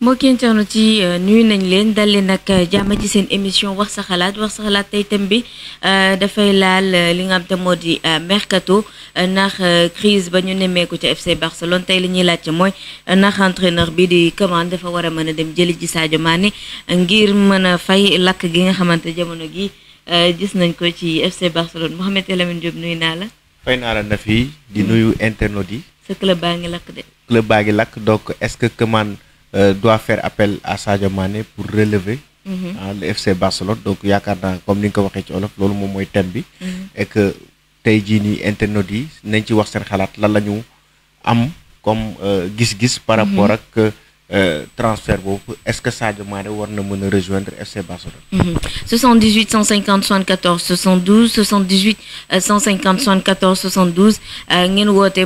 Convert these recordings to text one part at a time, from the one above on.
mbokki internet yi euh, nuyu nañ leen dal leen nag euh, jàmm ci seen émission wax sa xalaat wax sa xalaat tey thème bi euh, dafay laal li nga xam te moo di mercato ndax crise ba ñu nemmeeku ca FC Barcelone tey li ñuy laajte mooy ndax entraîneur bi di commande dafa war a mën a dem jëli ji saajo Mané ngir mën a fay lakk gi nga xamante jamono gi gis nañ ko ci FC Barcelone Mouhamed Lamine Diop nuyu naa la fay naa la na fi di hmm. nuyu internautes yi. sa club baa ngi lakk de. club baa ngi lakk donc est-ce que Coman euh, doit faire appel à Sadio Mané pour relever. Mm-hmm. Ah, le FC Barcelone donc yaakaar naa comme ni nga ko waxee ci olof loolu moom mooy thème bi. Mm-hmm. et tey jii nii yi nañ ci wax seen xalaat lan la ñu am comme euh, gis-gis. par rapport mm-hmm. ak. Euh, Euh, transfert beaucoup est-ce que Sadio Mane rejoindre FC Barcelone. 78 150 74 72 78 150 74 72 ngeen woté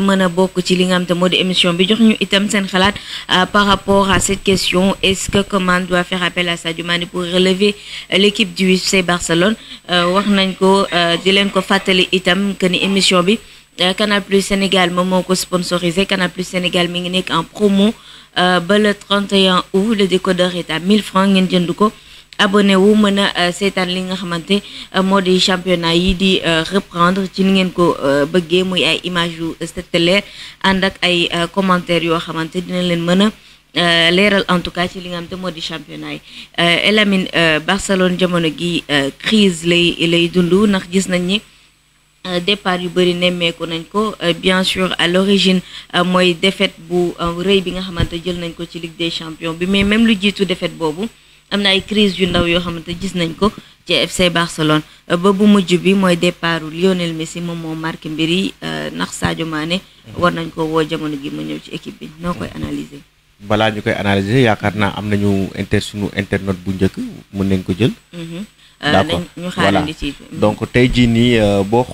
ci li nga émission bi euh, par rapport à cette question est-ce que comment doit faire appel à Sadio Mané pour relever euh, l'équipe du FC Barcelone wax ko di leen ko émission Canal Plus Sénégal sponsorisé Canal Plus Sénégal mi en promo. Euh, ba le 31 août le décodeur est à 1000 francs ngeen jënd ko abonné wu mëna a euh, li nga xamanté euh, modi championnat yi di reprendre ci ni ngeen ko bëggé muy ay image yu stellaire ànd ak ay commentaires yo xamanté dina leen mëna léral en tout cas ci li nga xamante modi championnat yi Elamine Barcelone jamono gi crise lay lay dund ndax gis nañ ni Euh, départ yu bëri nemmeeku nañ ko euh, bien sûr à l'origine euh, mooy défaite bu rëy bi nga xamante jël nañ ko ci Ligue des champions bi mais même lu jiitu défaite boobu am na ay crise yu ndaw yoo xamante gis nañ ko ci FC Barcelone ba bu mujj bi mooy départu Lionel Messi moom moo marqué mbir yi ndax Sadio maane war nañ ko woo jamono gi mu ñëw ci équipe bi noo koy analyser balaa ñu koy analyser yaakaar naa am nañu inter sunu internet bu njëkk mën nañ ko jël mhm. Euh, d'accord mm-hmm. donc tey jii ni euh, boo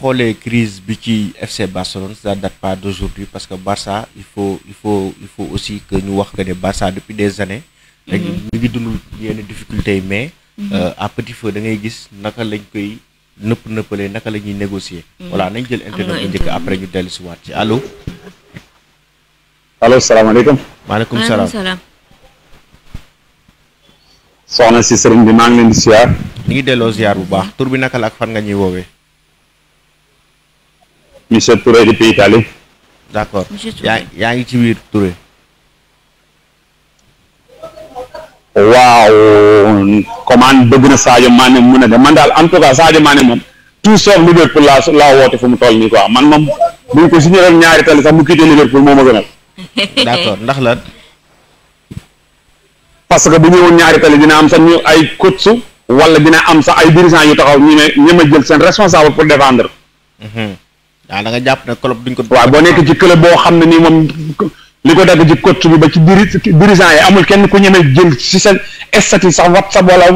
crise bi ci FC Barcelone ça date pas d'aujourd'hui parce que Barça il faut il faut il faut aussi que ñu wax que Barça depuis des années. rek mm-hmm. ñu ngi dund difficulté, mais. Mm-hmm. Euh, à petit feu da ngay gis naka lañ koy nëpp nëppalee naka lañ négocier. voilà nañ jël internet bu après ñu délu ci wat ci allo. allo alaykoum. salam salam. soxna si sëriñ bi maa ngi leen di siyaar. ñu ngi delloo siyaar bu baax tur bi naka la ak fan nga ñuy woowee. monsieur Touré depuis Italie. d'accord yaa yaa ngi ci biir Touré. waaw commande bëgg na Sadio Mané mu ne de man daal en tout cas Sadio Mané moom tout sauf Liverpool laa laa woote fu mu toll nii quoi man moom bu ñu ko signé ñaari tali sax mu quitté Liverpool moo ma gënal. d'accord ndax la. parce que bu ñëwoon ñaari tali dina am sax ñu ay coach wala dina am sax ay dirigeants yu taxaw ñu ne ñema jël seen responsable pour défendre. waaw mhm. ah, da nga jàpp ne club duñ ko. waaw nekk ci club boo xam ne nii moom li ko dagg ci coach bi ba ci diri dirigeant yi amul kenn ku ñeme jël ci seen statut sax WhatsApp wala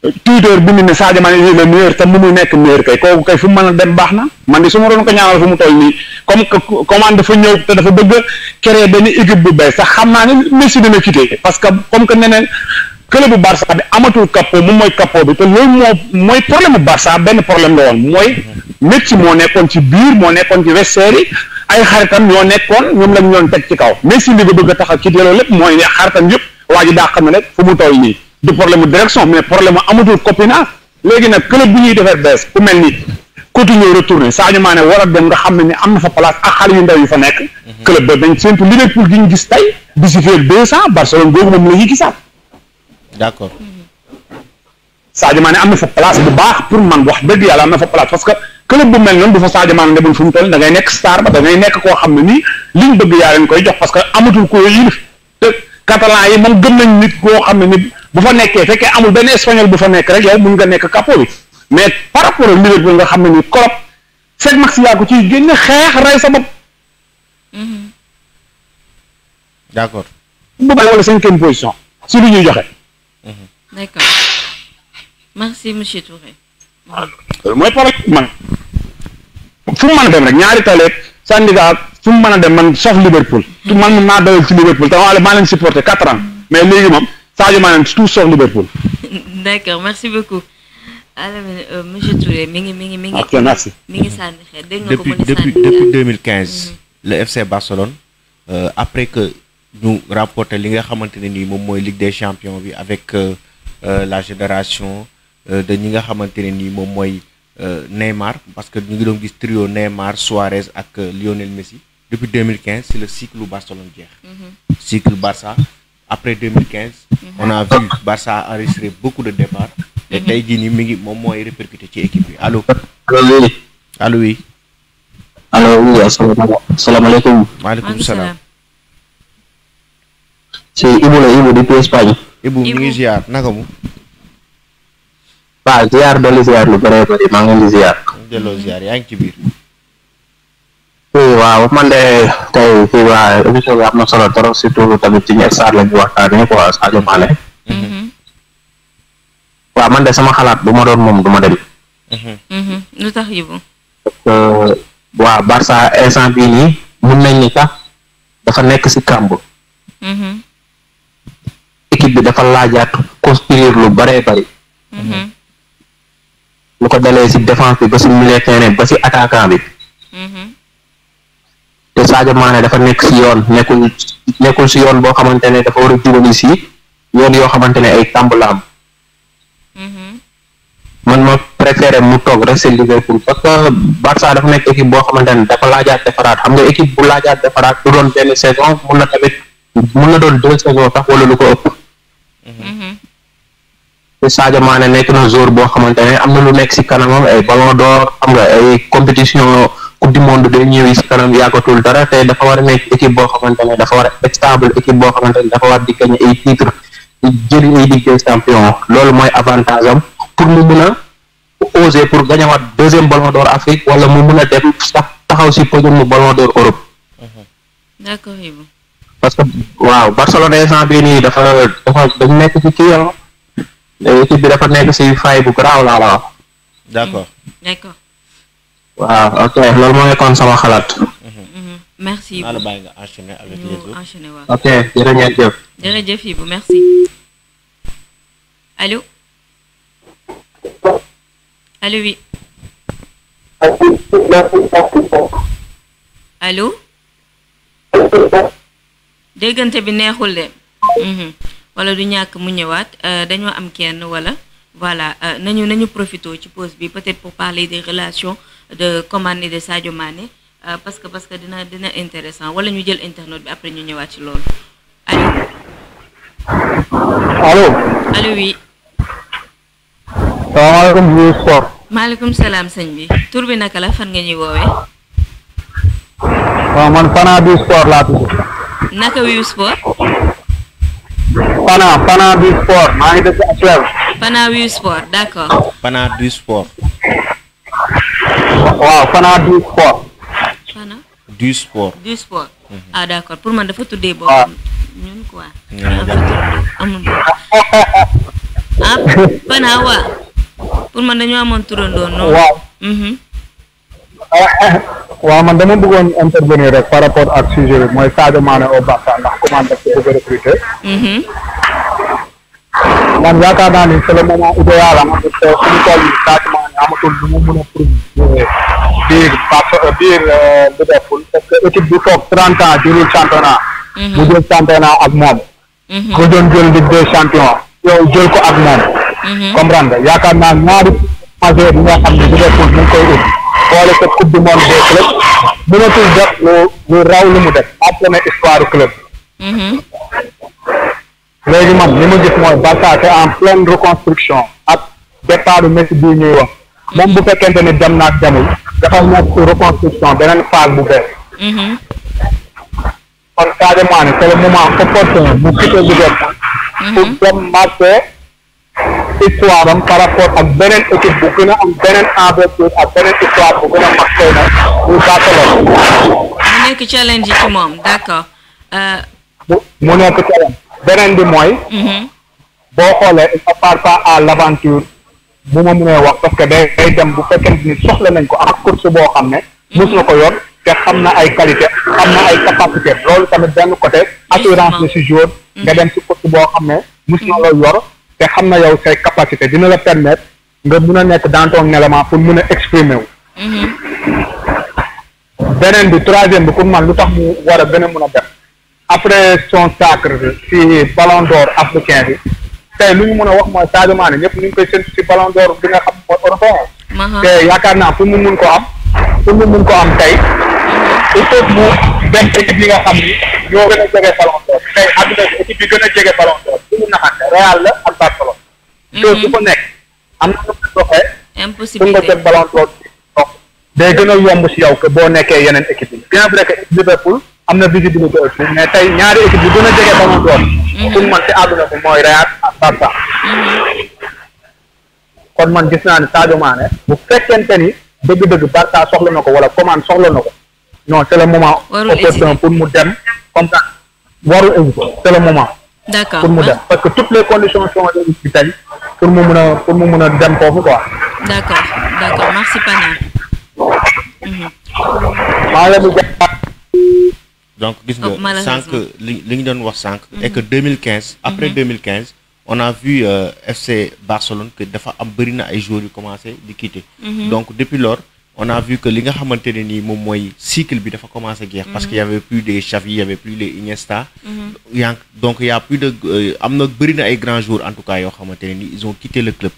Twitter bind ne Sadio Mané il a le meilleur te mu muy nekk meilleur kay kooku kay fu mu a dem baax na man di su ma doon ko ñaanal fu mu toll nii a créer benn xam naa ne Messi dina quitté parce que comme que neneen club bu Barça amatul capot moom mooy capot bi te loolu moo mooy problème bu Barça mooy moo nekkoon ci biir moo nekkoon ci vestiaire ay xaritam ñoo nekkoon ñoom lañ ñoon teg ci kaw Messi bëgg a tax a quitté loolu lépp mooy ne xaritam yëpp waa ji daa xam ne rek fu nii. du problème de direction mais problème amadou copina légui nak club bi ñuy défer bes ku melni ni continuer retourner Sadio Mané wara dem nga xamné ne ni am fa place ak xale yu ndaw yu fa nek club ba dañ séntu Liverpool gi ñu gis tay bi ci fekk 200 Barcelone gogum moom la gisat d'accord d' accord Mané amna fa place bu baax pour man wax deug yàlla amna fa place parce que club bu mel non du fa Sadio Mané demoon fu mu toll da ngay nek star ba da ngay nek ko xamni ne liñ bëgg yaa leen koy jox parce que amatul ko yi te Catalan yi moom gëm nañ nit ko xamni bu fa nekkee fekkee amul benn espagnol bu fa nekk rek yow mun nga nekk capot bi mais par rapport ak Liverpool nga xam ne ni Klopp Seck Max yaa ko ciy génne xeex rey sa bopp. Mm-hmm. d' accord. bu baax wala cinquième position si li ñuy joxe. Mm-hmm. d' accord merci monsieur Touré. Euh, mooy problème man fu mu mën a ñaari taleeg syndicat fu mu a dem man sauf Liverpool. Mm-hmm. man maa doyal ci Liverpool te maa leen supporté quatre ans mais léegi moom. D'accord, merci beaucoup. monsieur depuis 2015. Mhm. le FC Barcelone euh, après que nous remporté li nga Ligue des champions avec euh, euh, la génération de ñi nga Neymar parce que nous avons dit le trio Neymar Suarez et Lionel Messi depuis 2015 c'est le cycle Barcelone mhm. cycle Barça. après 2015 mhm. on a vu Barça enregistré beaucoup de départs et mhm. tay ji ni mi ngi mom moy répercuter ci équipe bi allo allo oui allo oui allo oui assalamu alaikum wa salam c'est Ibu la Ibu di Espagne Ibu mi ngi ziar naka mu ba ziar doli ziar lu bare bare ma ngi ziar delo ziar yang ci bir waaw man de tey kii waa émission bi am na solo trop surtout tamit ci ñetti saar lañu waxtaanee quoi Sadio sama xalaat mm-hmm. mm-hmm. iya, bu ma doon moom du ma dem lu tax yibu waa Barça ni sax dafa nekk si Mhm, équipe bi dafa lu bare Mhm, lu ko dalee si défense bi ba si milieu terrain Mhm. Sadio Mané dafa nekk ci yoon nekkul nekkul si yoon boo xamante ne dafa war a jubali si yoon yoo xamante ne ay tàmb la am mm-hmm. man ma préféré mu toog rek si Liverpool parce que dafa nekk équipe boo xamante ne dafa laajaat defaraat xam nga équipe bu laajaat defaraat du doon benn saison mun na tamit mun na doon deux saisons sax wala lu ko ëpp. Mm-hmm. te Sadio Mané nekk na joueur boo xamante ne am na lu nekk ci kanamam ay Ballon d'Or xam nga ay compétition. coupe du monde day ñëw si kanam yàggatul dara te dafa war a nekk équipe boo xamante ne dafa war a stable équipe boo xamante dafa war di gagné ay titre di jëriñ ay ligue des loolu mooy avantage am pour mu mun a oser pour gañawaat deuxième ballon d'or Afrique wala mu mun a dem sax taxaw si podium ballon d'or Europe. parce que waaw Barcelone instant bii nii dafa dafa dañ nekk ci kii ah. équipe bi dafa nekk si fay bu garaaw laa la wax. d'accord. waaw mm-hmm. mm-hmm. mm-hmm. ok loolu mooy kon sama xalaat. merci beaucoup Merci. nga enchaîner avec les autres. enchaîner waaw ok jërëjëf. jërëjëf Ibou merci. allo allo oui. allo. déggante bi neexul de. wala du ñàkk mu ñëwaat euh, dañoo am kenn wala voilà euh, nañu nañu profito ci pause bi peut-être pour parler des relations. de Konaté de Sadio Mané euh, parce que parce que dina dina intéressant wala ñu jël internet bi après ñu ñëwaat ci loolu allo. allo. allo oui. salaamaaleykum Diouf Sow. maaleykum salaam sëñ bi tur bi naka la fan nga ñuy woowee. waaw man Fana du sport laa tudd. naka wiw sport. Fana Fana du sport maa ngi dëkk Aslem. Fana wiw sport d'accord. Fana du sport. waaw Fana du sport. Fana. du sport. du sport. Mhm. ah d' accord pour man dafa tuddee boppam. ñun quoi. amul ah Fana waaw. pour man dañoo amoon turandoo noonu. waaw. Mhm. waaw man dama bëggoon rek par rapport ak sujet bi mooy Sadio Mané au Barça ndax comment daf ko bëgg a recruter. Mhm. man yaakaar naa ni c'est le moment idéal am na solo suñu tool yi Sadio amatul lu mu mën a prouver biir Liverpool euh, euh, parce que équipe bi toog trente ans championnat mhm. mu jël championnat ak moom ku mhm. doon jël ligue des champions yow ko ak moom mhm. comprendre nga yaakaar naa ñaari majeur yi nga xam ne Liverpool mu ngi koy ut boole sa coupe du monde des clubs mënatul def lu lu raw lu mu def entraîné histoire club léegi man li ma gis mooy Barça c'est en pleine reconstruction ak départ Messi bii ñuy wax même bu fekkente ne dem naag demul dafay bu bees. Mhm. kon Sadio mhm. ak beneen équipe bu gën a am ak beneen histoire bu gën a mag tey nag muy Barcelone. mu nekk challenge yi ci moom d'accord. Euh, mu nekk challenge beneen bi mooy. Mhm. boo xoolee il ne part pas à l'aventure bu ma mënee wax parce que day day dem bu fekkente ni soxla nañ ko am course boo xam ne mhm. mos na ko yor te xam na ay qualité xam na ay capacité loolu tamit benn côté assurance de si jour mhm. nga dem si course boo xam ne mus na la yor te xam na yow say capacité dina la permettre nga mun a nekk dans ton élément pour mun a exprimer wu mhm. beneen bi troisième bi pour man lu tax mu wara a gën mun a def après son sacre si ballon d'or africain bi tey lu ñu mën a wax mooy Sadio Mané ñëpp ñu ngi koy séntu si ballon d'or bi nga xam mooy européen. Uh-huh. te yaakaar naa pour mu mun ko am pour mu mun ko am tey uh-huh. il faut mu benn équipe yi nga xam ni ñoo gën a jege ballon d'or tey àdduna bi équipe yi gën a jege ballon d'or bu ñu naxante Real la ak Barcelone. te uh-huh. su ko nekk am na lu ko doxee. impossibilité day gëna yomb ci yow ke bo nekké yenen équipe yi bien vrai que liverpool amna na visibilité aussi mais tay ñaari équipe yi gëna jégué jege ballon d'or mhm. pour man ci aduna ko moy Real ak Barça mhm. kon man gis na ni Sadio Mané bu fekkenté ni dëgg-dëgg Barça soxla nako wala commande soxla nako non c'est le moment opportun pour mu dem comme ça warul hésiter c'est le moment D'accord. Pour hein? Parce que toutes les conditions sont en réunies pour mu mëna pour mu mëna dem fofu quoi. D'accord, d'accord. Merci Pana. donc oh, mhm. et que 2015. après 2015 mhm. on a vu euh, FC Barcelone que dafa am et et ay commencé à quitter. Mhm. donc depuis lors on a vu que les nga ont le à cycle parce qu'il y avait plus des Xavi y avait plus les Iniesta. donc donc y a plus de euh, Amna na en tout cas ils ont quitté le club.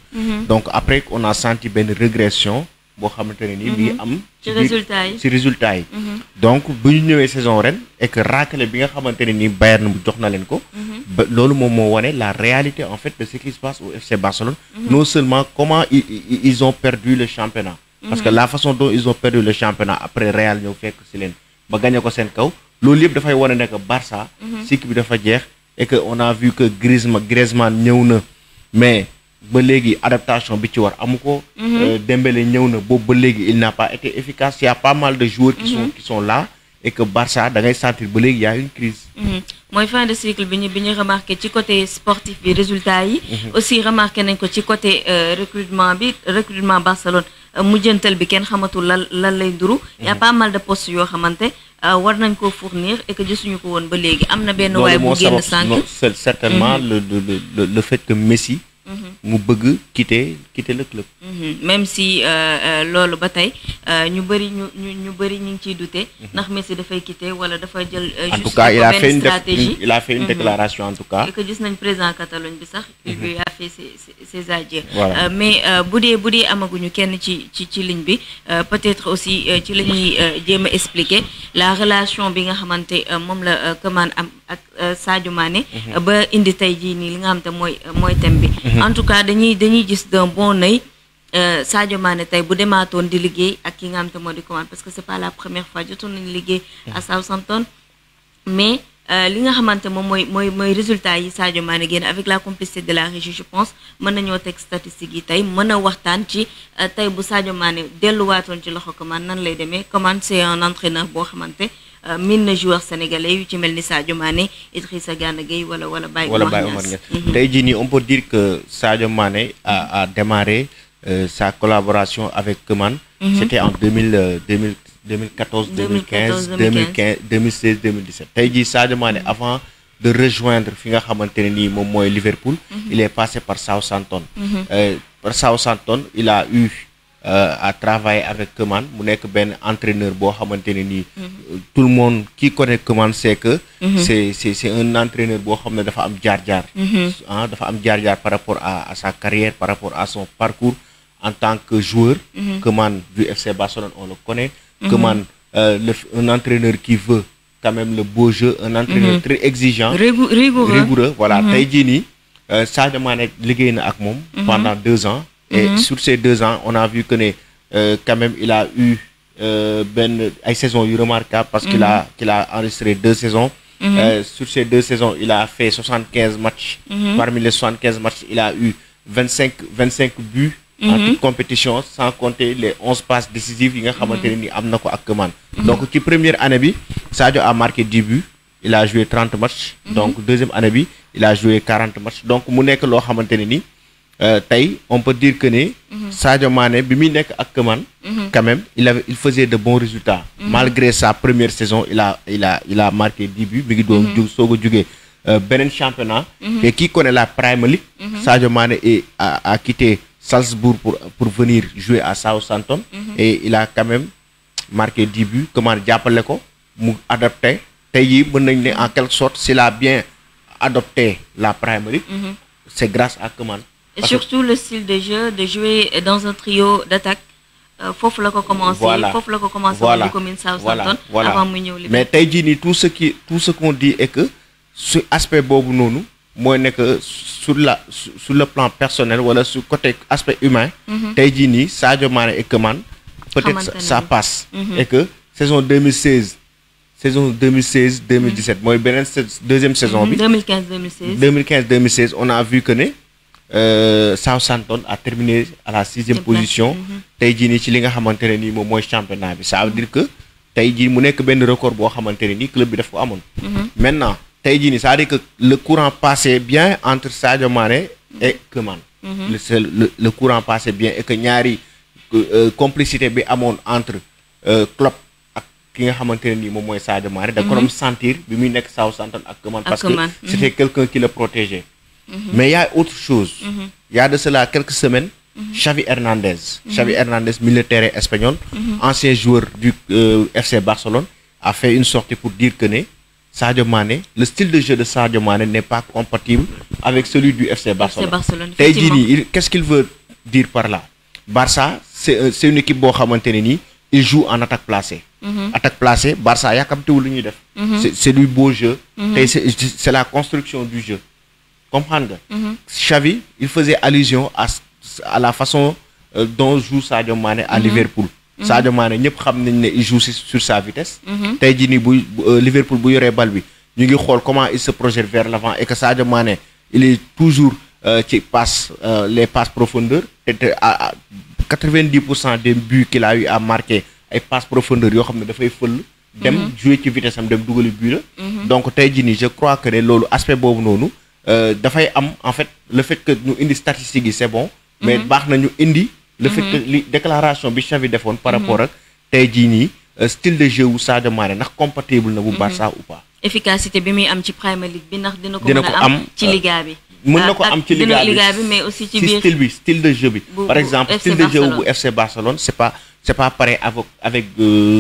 donc après on a senti une régression boo xamante mhm. am ci résultat yi ci résultat yi. Mhm. donc bu ñu ñëwee saison ren et que raakale bi nga xamante ni Bayern de jox na leen ko. Mhm. ba loolu moom moo la réalité en fait de ce qui se passe au FC Barcelone. non seulement comment ils ont perdu le championnat. parce que la façon dont ils ont perdu le championnat après Real ñëw fekk si leen ba gagné ko seen kaw loolu yëpp dafay wane ne que Barça. cycle bi dafa jeex et que on a vu que Griezmann Griezmann ñëw na mais ba léegi adaptation bi ci war amu ko. Mhm. Euh, Dembélé ñëw na boobu ba léegi il n'a pas été efficace il y a pas mal de joueurs. qui mhm. sont qui sont là et que Barça da ngay sentir ba léegi y a une crise. Mhm. mooy fin de cycle bi ñu bi ñu remarqué ci côté sportif bi résultats yi. aussi remarqué nañ ko ci côté euh, recrutement bi recrutement Barcelone euh, mujjantal bi kenn xamatul lan lan lay duru. y a pas mal de postes yoo xamante war nañ ko fournir et que gisuñu ko woon ba léegi am na benn. waay bu génn sànq certainement le le le fait que Messi. mu bëgg quitter quitter le club. Mhm. même si euh, euh, loolu ba tey euh, ñu bëri ñu ñu ñu bëri ñu ngi ciy douter. Mhm. ndax Messi dafay quitter wala dafa jël. en tout cas il a fait une mhm. que gis nañ président Catalogne bi sax. il lui a fait ses ses mais bu dee bu dee amaguñu kenn ci ci ci ligne bi peut-être aussi ci la ñuy jéem a expliquer la relation bi nga xamante moom la Koeman am. ak euh, Sadio Mané. Mhm. ba indi tey jii nii li nga xam moy moy thème bi. Mhm. en tout cas dañuy dañuy gis d'un bon œil euh, Sadio Mané tay bu dématone di liggéey ak ki nga xam te di commande parce que c'est pas la première fois jottu nañu liggéey mhm. à Southampton mais euh, li nga xamanté mom moy moy résultat yi Sadio Mané génn avec la complicité de la régie je pense mëna ñoo tek statistique yi tay mëna waxtaan ci tay bu Sadio Mané delluwaatoon ci loxo man nan lay démé comment c'est un entraîneur bo xamanté euh, min na joueur sénégalais yu ci melni Sadio Mané Idrissa Gana Gueye wala wala Baye Omar Niass mhm. on peut dire que Sadio Mané a a démarré euh, sa collaboration avec Keman mhm. c'était en 2000 2000 2014 2015 2015 2016 2017 tey jii Sadio Mané mhm. avant de rejoindre fi nga xamante ni nii moom Liverpool il est passé par Southampton euh, par Southampton il a eu euh, à travailler avec Keman mon est ben entraîneur qui xamante ne tout le monde qui connaît Keman sait que. Mhm. c'est c'est un entraîneur qui xam faire dafa am mhm. ah, par rapport à sa carrière par rapport à son parcours en tant que joueur. Mhm. Keman du FC Barcelone on le connaît. Keman euh, un entraîneur qui veut quand même le beau jeu un entraîneur très exigeant. rigoureux rigoureux voilà tey ça a été pendant deux ans. Et mhm. sur ces deux ans, on a vu que euh, quand même, il a eu euh, ben, une saison remarquable parce qu'il a, mhm. qu'il a enregistré deux saisons. Mhm. Euh, sur ces deux saisons, il a fait 75 matchs. Parmi les 75 matchs, il a eu 25, 25 buts en toute compétition, sans compter les 11 passes décisives. Donc, la première année, Sadio a marqué 10 buts. Il a joué 30 matchs. Donc, deuxième année, il a joué 40 matchs. Donc, il a joué 40 matchs. Euh, tay on peut dire que né mhm. Sadio Mané bi mi nek ak man. Mhm. quand même il avait il faisait de bons résultats. Mhm. malgré sa première saison il a il a il a marqué 10 buts mi ngi doon jug soog a euh, championnat. et qui connaît la Premier League. Sadio Mané est a a quitté Salzbourg pour pour venir jouer à Southampton. et il a quand même marqué 10 buts comment jàppale ko mu adapté tey jii nañ en quelque sorte s'il a bien adopté la Premier League. c'est grâce à Koeman. Et surtout le style de jeu, de jouer dans un trio d'attaque. Euh, faut la ko la voilà. mais tout ce qui tout ce qu'on dit est que ce aspect bobu nonu moy que sur la sur le plan personnel voilà sur côté aspect humain mhm. Taïdjini, et peut-être ça, passe mhm. et que saison 2016 saison 2016 2017 moi deuxième saison 2015 2016 2015 2016 on a vu que euh, Southampton a terminé à la sixième position. Mhm. tey Chilinga a ci li nga championnat ça veut dire que tey jii mu nekk de record pour le ni club bi daf mhm. maintenant tey ça veut dire que le courant passait bien entre Sadio Mané et Koeman. Mhm. le le le courant passait bien et que ñaari euh, complicité bi amoon entre euh, Klopp ak ki nga ni ne nii moom mooy Sadio Mané. da ko sentir bi Southampton ak parce que c'était quelqu'un qui le protégeait. Mhm. Mais il y a autre chose. Mhm. Il y a de cela quelques semaines, mhm. Xavi Hernandez, Xavi Hernandez, militaire espagnol, ancien joueur du euh, FC Barcelone, a fait une sortie pour dire que né, Sadio le style de jeu de Sadio Mane n'est pas compatible avec celui du FC Barcelone. Barcelone qu'est-ce qu'il veut dire par là Barça, c'est euh, une équipe qui il joue en attaque placée. Attaque placée, Barça, c'est le beau jeu. C'est la construction du jeu comprendre mhm. Xavi il faisait allusion à à la façon euh, dont joue Sadio Mané à mhm. Liverpool. Mhm. Sadio Mané ñep xam nañ il joue sur sa vitesse. Teddy ni bu euh, Liverpool bu yoré balle bi ñu ngi xol comment il se projette vers l'avant et que Sadio Mané il est toujours qui euh, passe les passes profondeurs 90% à 90% des buts qu'il a eu à marquer passe passes profondeurs a xam de dafay fël. dem jouer ci vitesse dem dugali but donc Teddy je crois que c'est l'aspect bon pour euh, fay am en fait le fait que nous indi statistique c'est bon. mais mhm. baax na ñu indi. le fait mhm. que li déclaration bi Xavi defoon. par rapport mhm. ak tey jii euh, style de jeu wu Sadio Mané ndax compatible na bu Barça ou pas. efficacité bi mi am ci Premier League bi ndax dina ko mën a am ci euh, Liga bi. mën na ah, ko am ci Liga bi mais aussi ci style bi style de jeu bi. par exemple style de jeu bu FC Barcelone c'est pas c'est pas pareil avec avec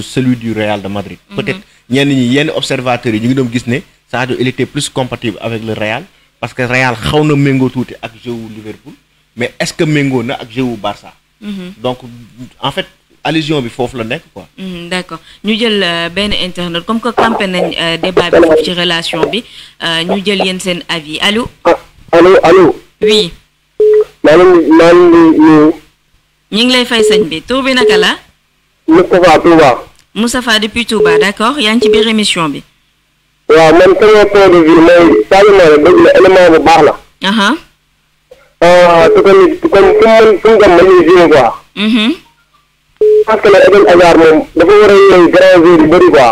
celui du Real de Madrid. peut-être ñen ñi yenn observateurs yi ñu ngi doom gis ne Sadio il était plus compatible avec le Real parce que Real xaw na méngoo ak jeu Liverpool mais est-ce que Mingo na ak jeu Barça. Mhm. donc en fait allusion bi la quoi. Mhm, d'accord ñu jël euh, internet comme que nañ euh, débat bi relation bi euh, ñu jël avis allo. Ah, allo allo. oui. maa ngi maa Nous lay fay sëñ bi tur bi Touba. Moustapha depuis d'accord ci waaw man sama point de vue mooy Sadio Mané dëgg la élément bu baax la. te tamit comme fu mu mën fu mu dem mën nañu jouer parce que nag Eden Hazard moom dafa war a yore grand joueur yu bëri quoi.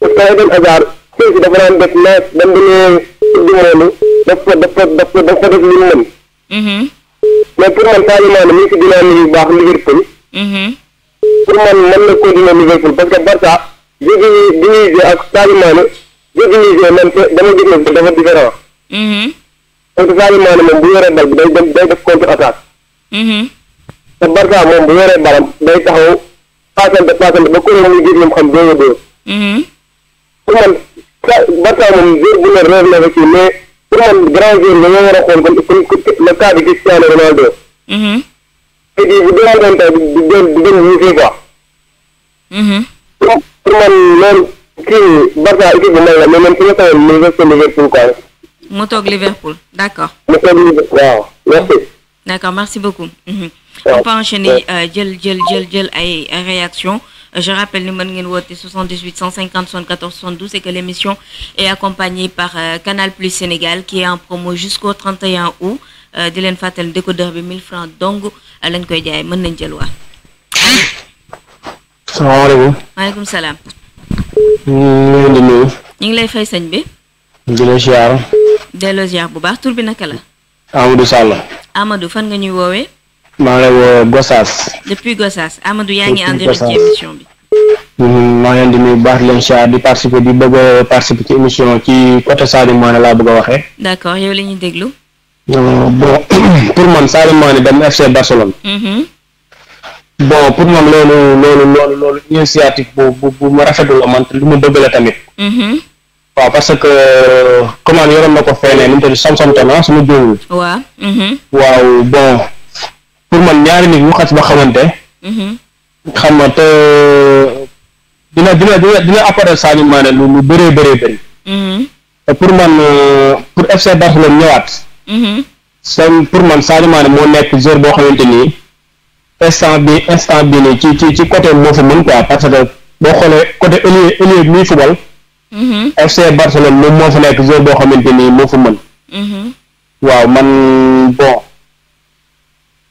parce que Eden Hazard Chelsea dafa daan def naaj dem dañoo tuddu moonu daf ko daf daf daf def li mu man parce que Barça. jéggi nii bi ñuy joué ak Sadio Mané jéggi nii joué man dama gis ne dafa différent. Mm-hmm. parce que Sadio Mané moom bu yoree bal bi day dem day def contre attaque. Mm-hmm. te Barça moom bu yoree balam day taxaw paasante paasante ba kuréel muy gis lu mu xam dóor a dóor. pour man sa moom joueur bu ne réer la ci mais pour man grand joueur la ñoo war a xool comme comme le cas de Cristiano Ronaldo. Mm-hmm. te ji bu doon doon tey du doon du doon ñu fii quoi. pour man mais Liverpool Liverpool quoi. Liverpool Liverpool merci. D'accord, merci beaucoup. Mhm. on peut enchaîner gel, gel, gel, gel ay réaction euh, je rappelle ni numéro ngeen woote 78 150 74 72 et que l'émission est accompagnée par euh, Canal Plus Sénégal qui est en promo jusqu'au 31 août euh, Dylan Fatel, décodeur de 1000 francs Donc, lañ koy jaay mën nañ salaamaaleykum maaleykum salaam ñu ngi nuyu ñu ngi lay fay sëñ bi di la ziar delloo ziar bu baax tur bi naka la Amadou Sall Amadou fan nga ñuy woowee maa ngi lay woowee Gossas depuis Gossas Amadou yaa ngi en direct ci émission bi maa ngi di nuyu baax leen ziar di participer di bëgg a participer ci émission ci côté Sadio Mané laa bëgg a waxee d'accord yow la ñuy déglu euh, bon pour man Sadio dem FC Barcelone mm-hmm bon pour moom loolu loolu loolu loolu initiative bu bu bu ma rafetul la lu ma bëgg la tamit. waaw parce que comment yoroon na ko feneen nu mu tudd Samson Tana su ma jógul. waaw. waaw bon pour man ñaari nit ñu xas ba xamante. xam nga te dina dina dina dina apporter Sadio Mané lu lu bëree bëree bëri. te mhm. eh, pour man eh, pour FC Barcelone ñëwaat. Mhm. seen pour man Sadio Mané moo nekk joueur boo xamante nii. instant bi instant bi nii ci ci ci côté moo fa mën quoi parce que boo xoolee côté ailier ailier muy football mm-hmm. FC Barcelone moom moo fa nekk joueur boo xamante nii moo fa mën mm-hmm. waaw man bon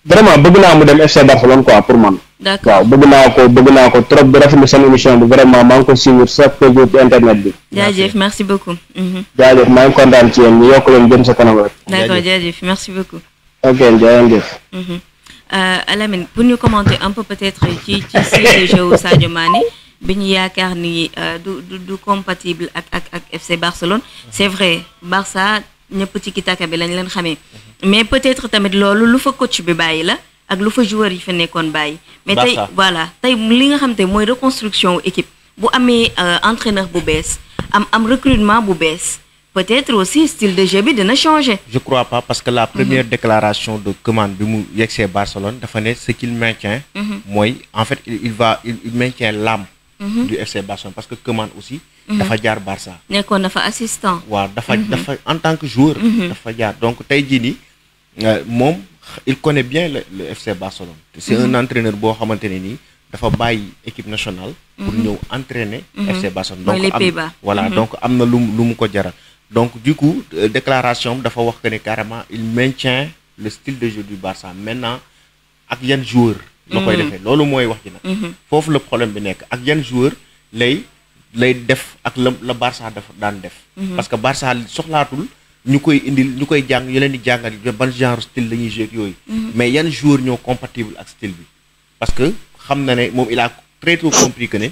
vraiment bëgg naa mu dem FC Barcelone a pour man waaw bëgg naa ko bëgg naa ko trop di rafetlu seen émission bi vraiment maa ngi ko suivre chaque jour ci internet bi jaajëf merci beaucoup mm-hmm. jaajëf maa kontaan ci yéen ñu yokk leen jëm sa kanam rek d'accord jaajëf merci beaucoup Euh, Alamine pour nous commenter un peu peut-être ci ci style jeu Sadio Mané bi ñu euh, du compatible avec FC Barcelone c'est vrai Barça peut ci kitaka bi lañ leen xamee mais peut-être tamit lolu lu fa coach bi bàyyi la ak lu fa joueur yi fa nekkoon baye mais tay voilà tay li nga xam moy reconstruction équipe bu amé euh, entraîneur bu bees am am recrutement bu bees peut-être aussi style de jeu de ne changer. je ne crois pas parce que la mhm. première déclaration de commande du FC Barcelone c'est ce qu'il maintient. Mhm. en fait il va il maintient l'âme mhm. du FC Barcelone parce que commande aussi. il dafa le Barça. a fait assistant. waaw dafa Oui, en tant que joueur. il a, donc tey Donc, euh, il connaît bien le FC Barcelone. c'est un entraîneur qui a fait. nii. équipe nationale. pour nous entraîner. FC Barcelone donc am voilà donc il na lu lu donc du coup euh, déclaration dafa wax que ne carrément il maintient le style de jeu du Barça maintenant ak yan joueur la koy mm-hmm. defee loolu mooy wax ji nag mm-hmm. foofu le problème bi nekk ak yan joueur lay lay def ak le Barça a daan def mm-hmm. parce que Barça soxlaatul ñu koy indil ñu koy jàng ñu leen di jàngal ban genre style lañuy ñuy jouer yooyu mais yane joueur ñoo compatible ak style bi parce que xam na né mom il a très tôt compris que né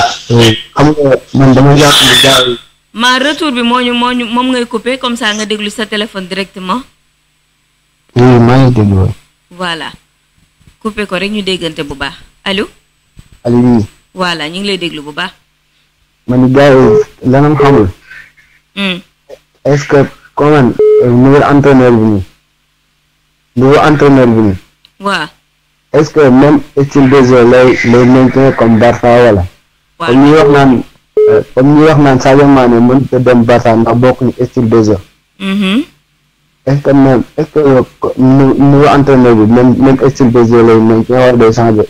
xam nga man dama jàpp ma retour bi moo ñu moom ngay coupé comme ça nga déglu sa téléphone directement. oui maa ngi ko rek ñu déggante bu baax allo. allo oui. ñu ngi lay déglu bu baax. man gars yi lanam xamul. Hmm. est-ce que comment euh, nouvel entraîneur bi nii. nouveau entraîneur bi nii. waaw. est-ce que même style lay lay maintenir comme Barça wala. waaw euh, comme ñuy a dem Barça ndax bokkuñu style de jeu. Mm-hmm. est euh, bi même même style de jeu lay mel ki nga war day changé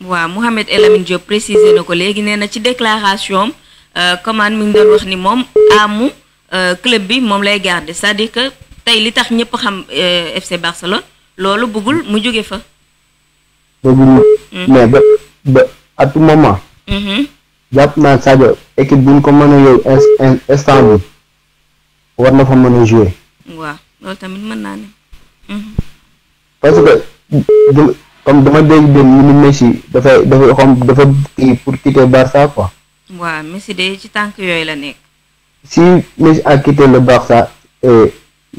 na El Amine Diop précisé na ko léegi nee na ci déclaration am euh, commande mi wax ni moom amu club bi moom lay garder c'est-à-dire que tey li tax ñëpp xam FC Barcelone loolu bëggul mu jóge fa. a à tout moment. Mhm. jàpp naa Sadio équipe bu ñu ko mën a yow instant bi war na fa mën a jouer. waaw loolu tamit mën naa ne. Mhm. parce que du comme dama dégg dem ñu ni Messi dafay dafay xam dafa kii pour quitter Barça quoi. waaw Messi de ci tànk yooyu la nekk. si Messi a quitté le Barça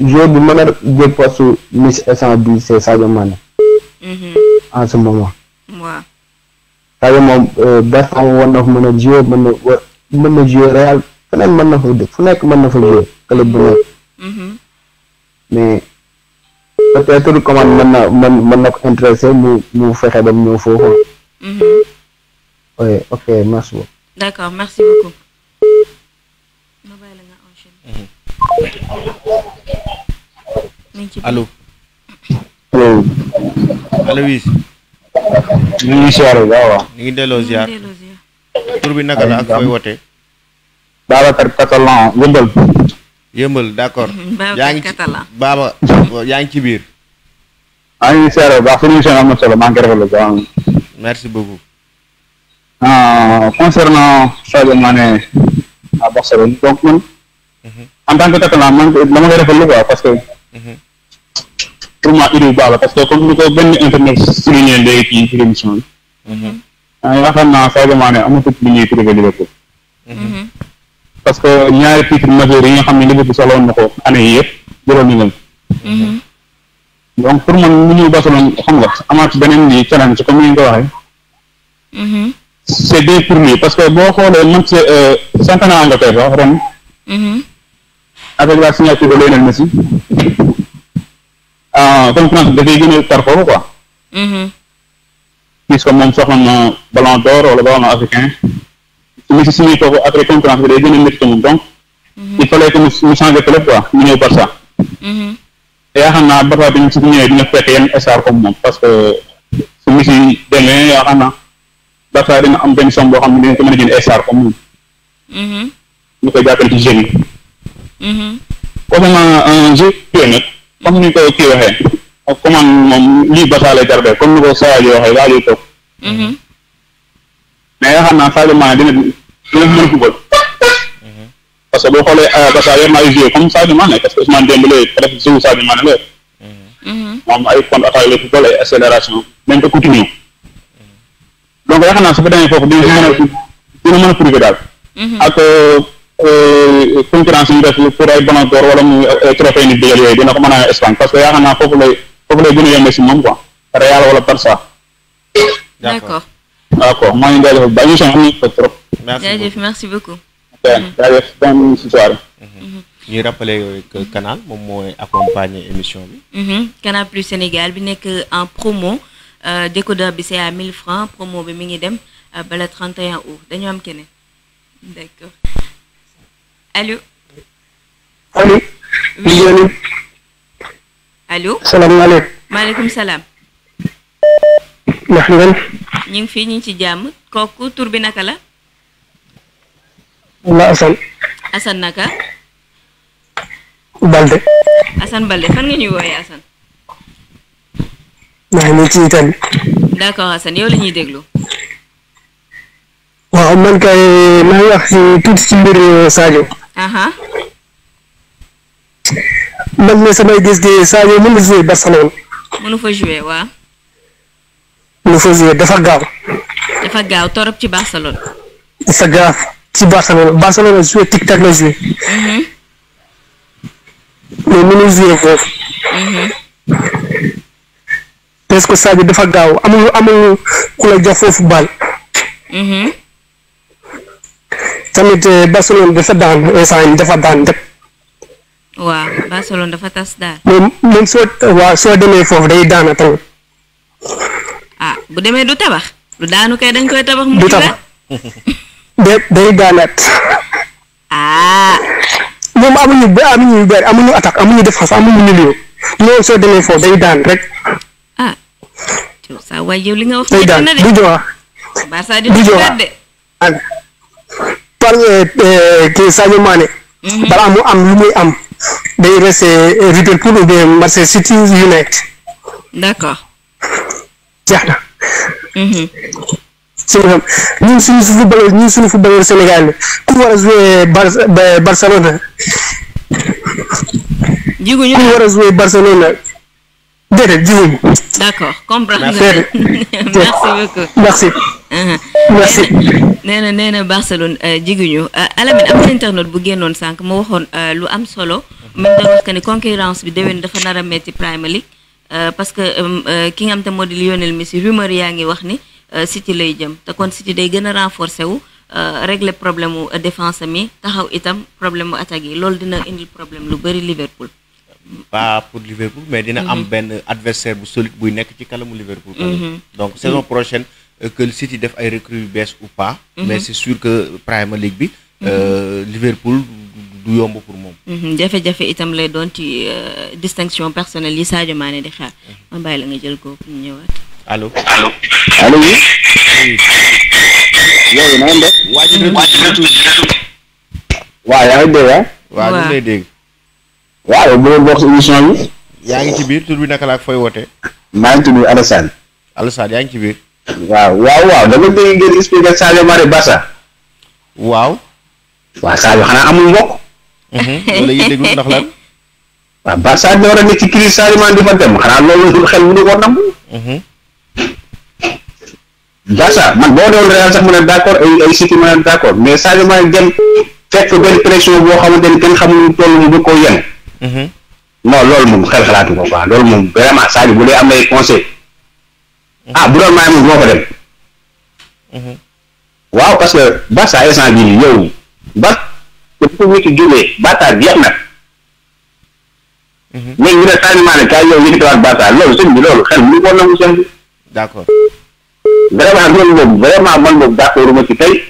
joueur bi mën a jël poste Messi instant bi c'est Sadio Mané. Mhm. en ce moment. waaw. Sadio moom eh, Bertrand moom war mën a jouer mën na mën na jouer Real feneen mën na fa fu nekk mën na fa jouer club bu nekk mm-hmm. mais peut-être comment mën na mën mën ko intéressé mu mu fexe ba mu ñëw foofu mm-hmm. oui merci beaucoup d'accord merci ñu ngi siyaare bu baax ñu ngi delloo ziar tur bi naka la ak fooy wootee. Babacar Catalan yëmbal. yëmbal d'accord. yaa ngi ci Baba yaa ngi ci biir. maa ngi siyaare bu baax seen émission am na solo maa ngi rafetlu baax. merci beaucoup. Ah, concernant Sadio Mané à Barcelone donc man. Mhm. en tant que Catalan man dama koy rafetlu quoi parce que. Mhm. pour moi idée bu baax la parce que comme ni ko benn internet souligné léegi ci ci émission bi mhm. ah yaakaar naa Sadio Mané amatul lu ñuy privé Liverpool mhm. parce que ñaari titre majeur yi nga xam ne Liverpool soxla woon na ko année yi yëpp jëloon nañ leen donc pour man mu ñëw Barcelone xam nga amaat beneen ni challenge comme ni nga ko waxee mhm. c'est bien pour lui parce que boo xoolee man c'est euh, championnat Angleterre sax ren avec la signature de Lionel Messi concurrence ah, bi dafay gën a tar foofu quoi. Mm-hmm. gis ko moom soxla na ballon d'or wala ballon africain mu si signé foofu après concurrence bi de gën a métti ko moom donc. Mm-hmm. il fallait que mu changé club quoi mu ñëw Barça. te yaa xam naa Barça bi ñu si ñëwee dina fekk yenn star comme moom parce que su mu si demee yaa xam naa Barça dina am benn somme boo xam ne dina ko mën a jënd star comme moom. Mm-hmm. ñu koy jàppale ci comme ni ko kii waxee ak commande moom lii basaale jarbe comme ni ko sawaaji waxee waajoo toog mm-hmm. mais yaakaar naa Sadio Mané dina dina mën football mm-hmm. parce que boo xoolee basaale yor na ay joué comme Sadio Mané parce que Ousmane Dembélé peut être jiwu Sadio Mané la mm-hmm. moom ay contre attaque la football ay accélération même te continue donc yaakaar naa su fa demee foofu dina mën a dina mën a prouver daal ak euh, concurrence yi def pour ay bon bonaccord wala mu trophée ni digal yooyu dina ko mën Espagne parce que yaakaar naa fofu lay fofu lay gën a ci mom quoi Real wala Barça d'accord d'accord maa ngi jaajëfal ba émission am nañu ko trop jaajëf merci beaucoup jaajëf bonne soirée ñuy rappeler yooyu que Canal mom moy accompagner émission bi mm-hmm. Canal Plus Sénégal bi nek euh, en promo euh décodeur bi c'est à 1000 francs promo bi mi ngi dem euh, bala 31 août dañu am keneen d'accord Allô Allô Oui. Allô Allô Salam alaikum. Maaleykum salam. Nous sommes Ñu ngi jam. ñu ci jàmm. Kooku tur bi naka la? naka? Balde. Hassan Balde. Fan nga ñuy woowee Assane? Maa ngi ci Italie. D'accord Hassan, yow la ñuy déglu. Waaw man kay maa wax si tuuti ci mbir Sadio. man ne samay gis-gis saa yooyu mënul jouer Barcelone. mënu fa jouer waaw. mënu fa jouer dafa gaaw. dafa gaaw torop ci Barcelone. dafa gaaw ci Barcelone Barcelone jouer tic tac la jouer. mais mënul jouer foofu. parce que Sadio dafa gaaw amul amul ku la jox foofu bal. Uhum. tamit eh, Barcelone dafa daan instant yi dafa daan dëpp. waaw Barcelone dafa tas daal. moom soo demee foofu day daana tamit. ah bu demee du tabax. du dañ koy tabax. mu tabax ah. day day daanaat. ah. moom amuñu ba amuñu yu bëri amuñu attaque amuñu défense amuñu milieu ñoom soo demee foofu day daan rek. ah. saa waay li nga wax. day du jox. Barça di du de. par kii euh, Sadio Mané. Mhm. balaa mu am lu muy am day resté euh, Liverpool ou bien Manchester City United. d'accord. jeex na. Mhm. si nga xam ñun suñu footballeur ñun suñu footballeur Sénégal ku war a joué Bar Barcelona. jiguñu ku war a joué Barcelona déedéet jiguñu. d'accord comprendre. merci beaucoup merci. merci nee na nee na Barcelone euh, jiguñu euh, Alamine am na internet bu génnoon sànq mu waxoon euh, lu am solo. mu ngi que ni concurrence bi déwén dafa nar a metti Premier League parce que ki nga moo di Lionel Messi rumeur yaa ngi wax ni City lay jëm te kon City day gën a renforcer wu. régler problème mu défense mi taxaw itam problème mu attaque yi loolu dina indi problème lu bëri Liverpool. pas pour Liverpool mais dina am mhm. benn adversaire bu solide buy nekk ci kanamu Liverpool. Mhm. donc saison prochaine. Euh, que le City def ay recrues yu bees ou pas. Mhm. mais c'est sûr que Premier League bi. Mhm. Euh, Liverpool du yomb pour moom. Mhm, jafe-jafe itam lay doon ci euh, distinction personnelle yi Sadio Mané di xaar. ma bàyyi la nga jël ko ñu ñëwaat. allo waa yaa ngi dégg ah. bu doon bokk si émission bi. yaa ngi ci biir tur naka la ak fooy wootee. maa ngi tudd Alassane. yaa ngi ci biir. waaw waaw waaw dama dégg ngeen expliqué Sadio Mané Barça. waaw. waaw Sadio xanaa amul mbokk. Mhm. loolu yi déglu ndax a ne ci crise Sadio Mané di fa dem xanaa loolu dul xel mënu ko nangu. Mhm. Barça man boo doon Real sax mu ne d' accord ay ay City mu ne d' accord mais Sadio Mané dem fekk benn pression boo xamante ni kenn xamul toll mu bëgg koo yem. Mhm. non loolu moom xel xalaatu ko quoi loolu moom vraiment Sadio bu dee am nay conseil. ah bu doon maay moom moo ko dem. Mhm. waaw parce que Barça instant bii yow Barça bu ko wékki génnee Barça jeex na. Mhm. léegi ñu ne Sadio Mané kaay yow yëkkatiwaat Barça loolu sëñ bi loolu xel bu ñu ko nangu sëñ bi. d'accord vraiment loolu boobu vraiment man boobu d'accord ma ci tey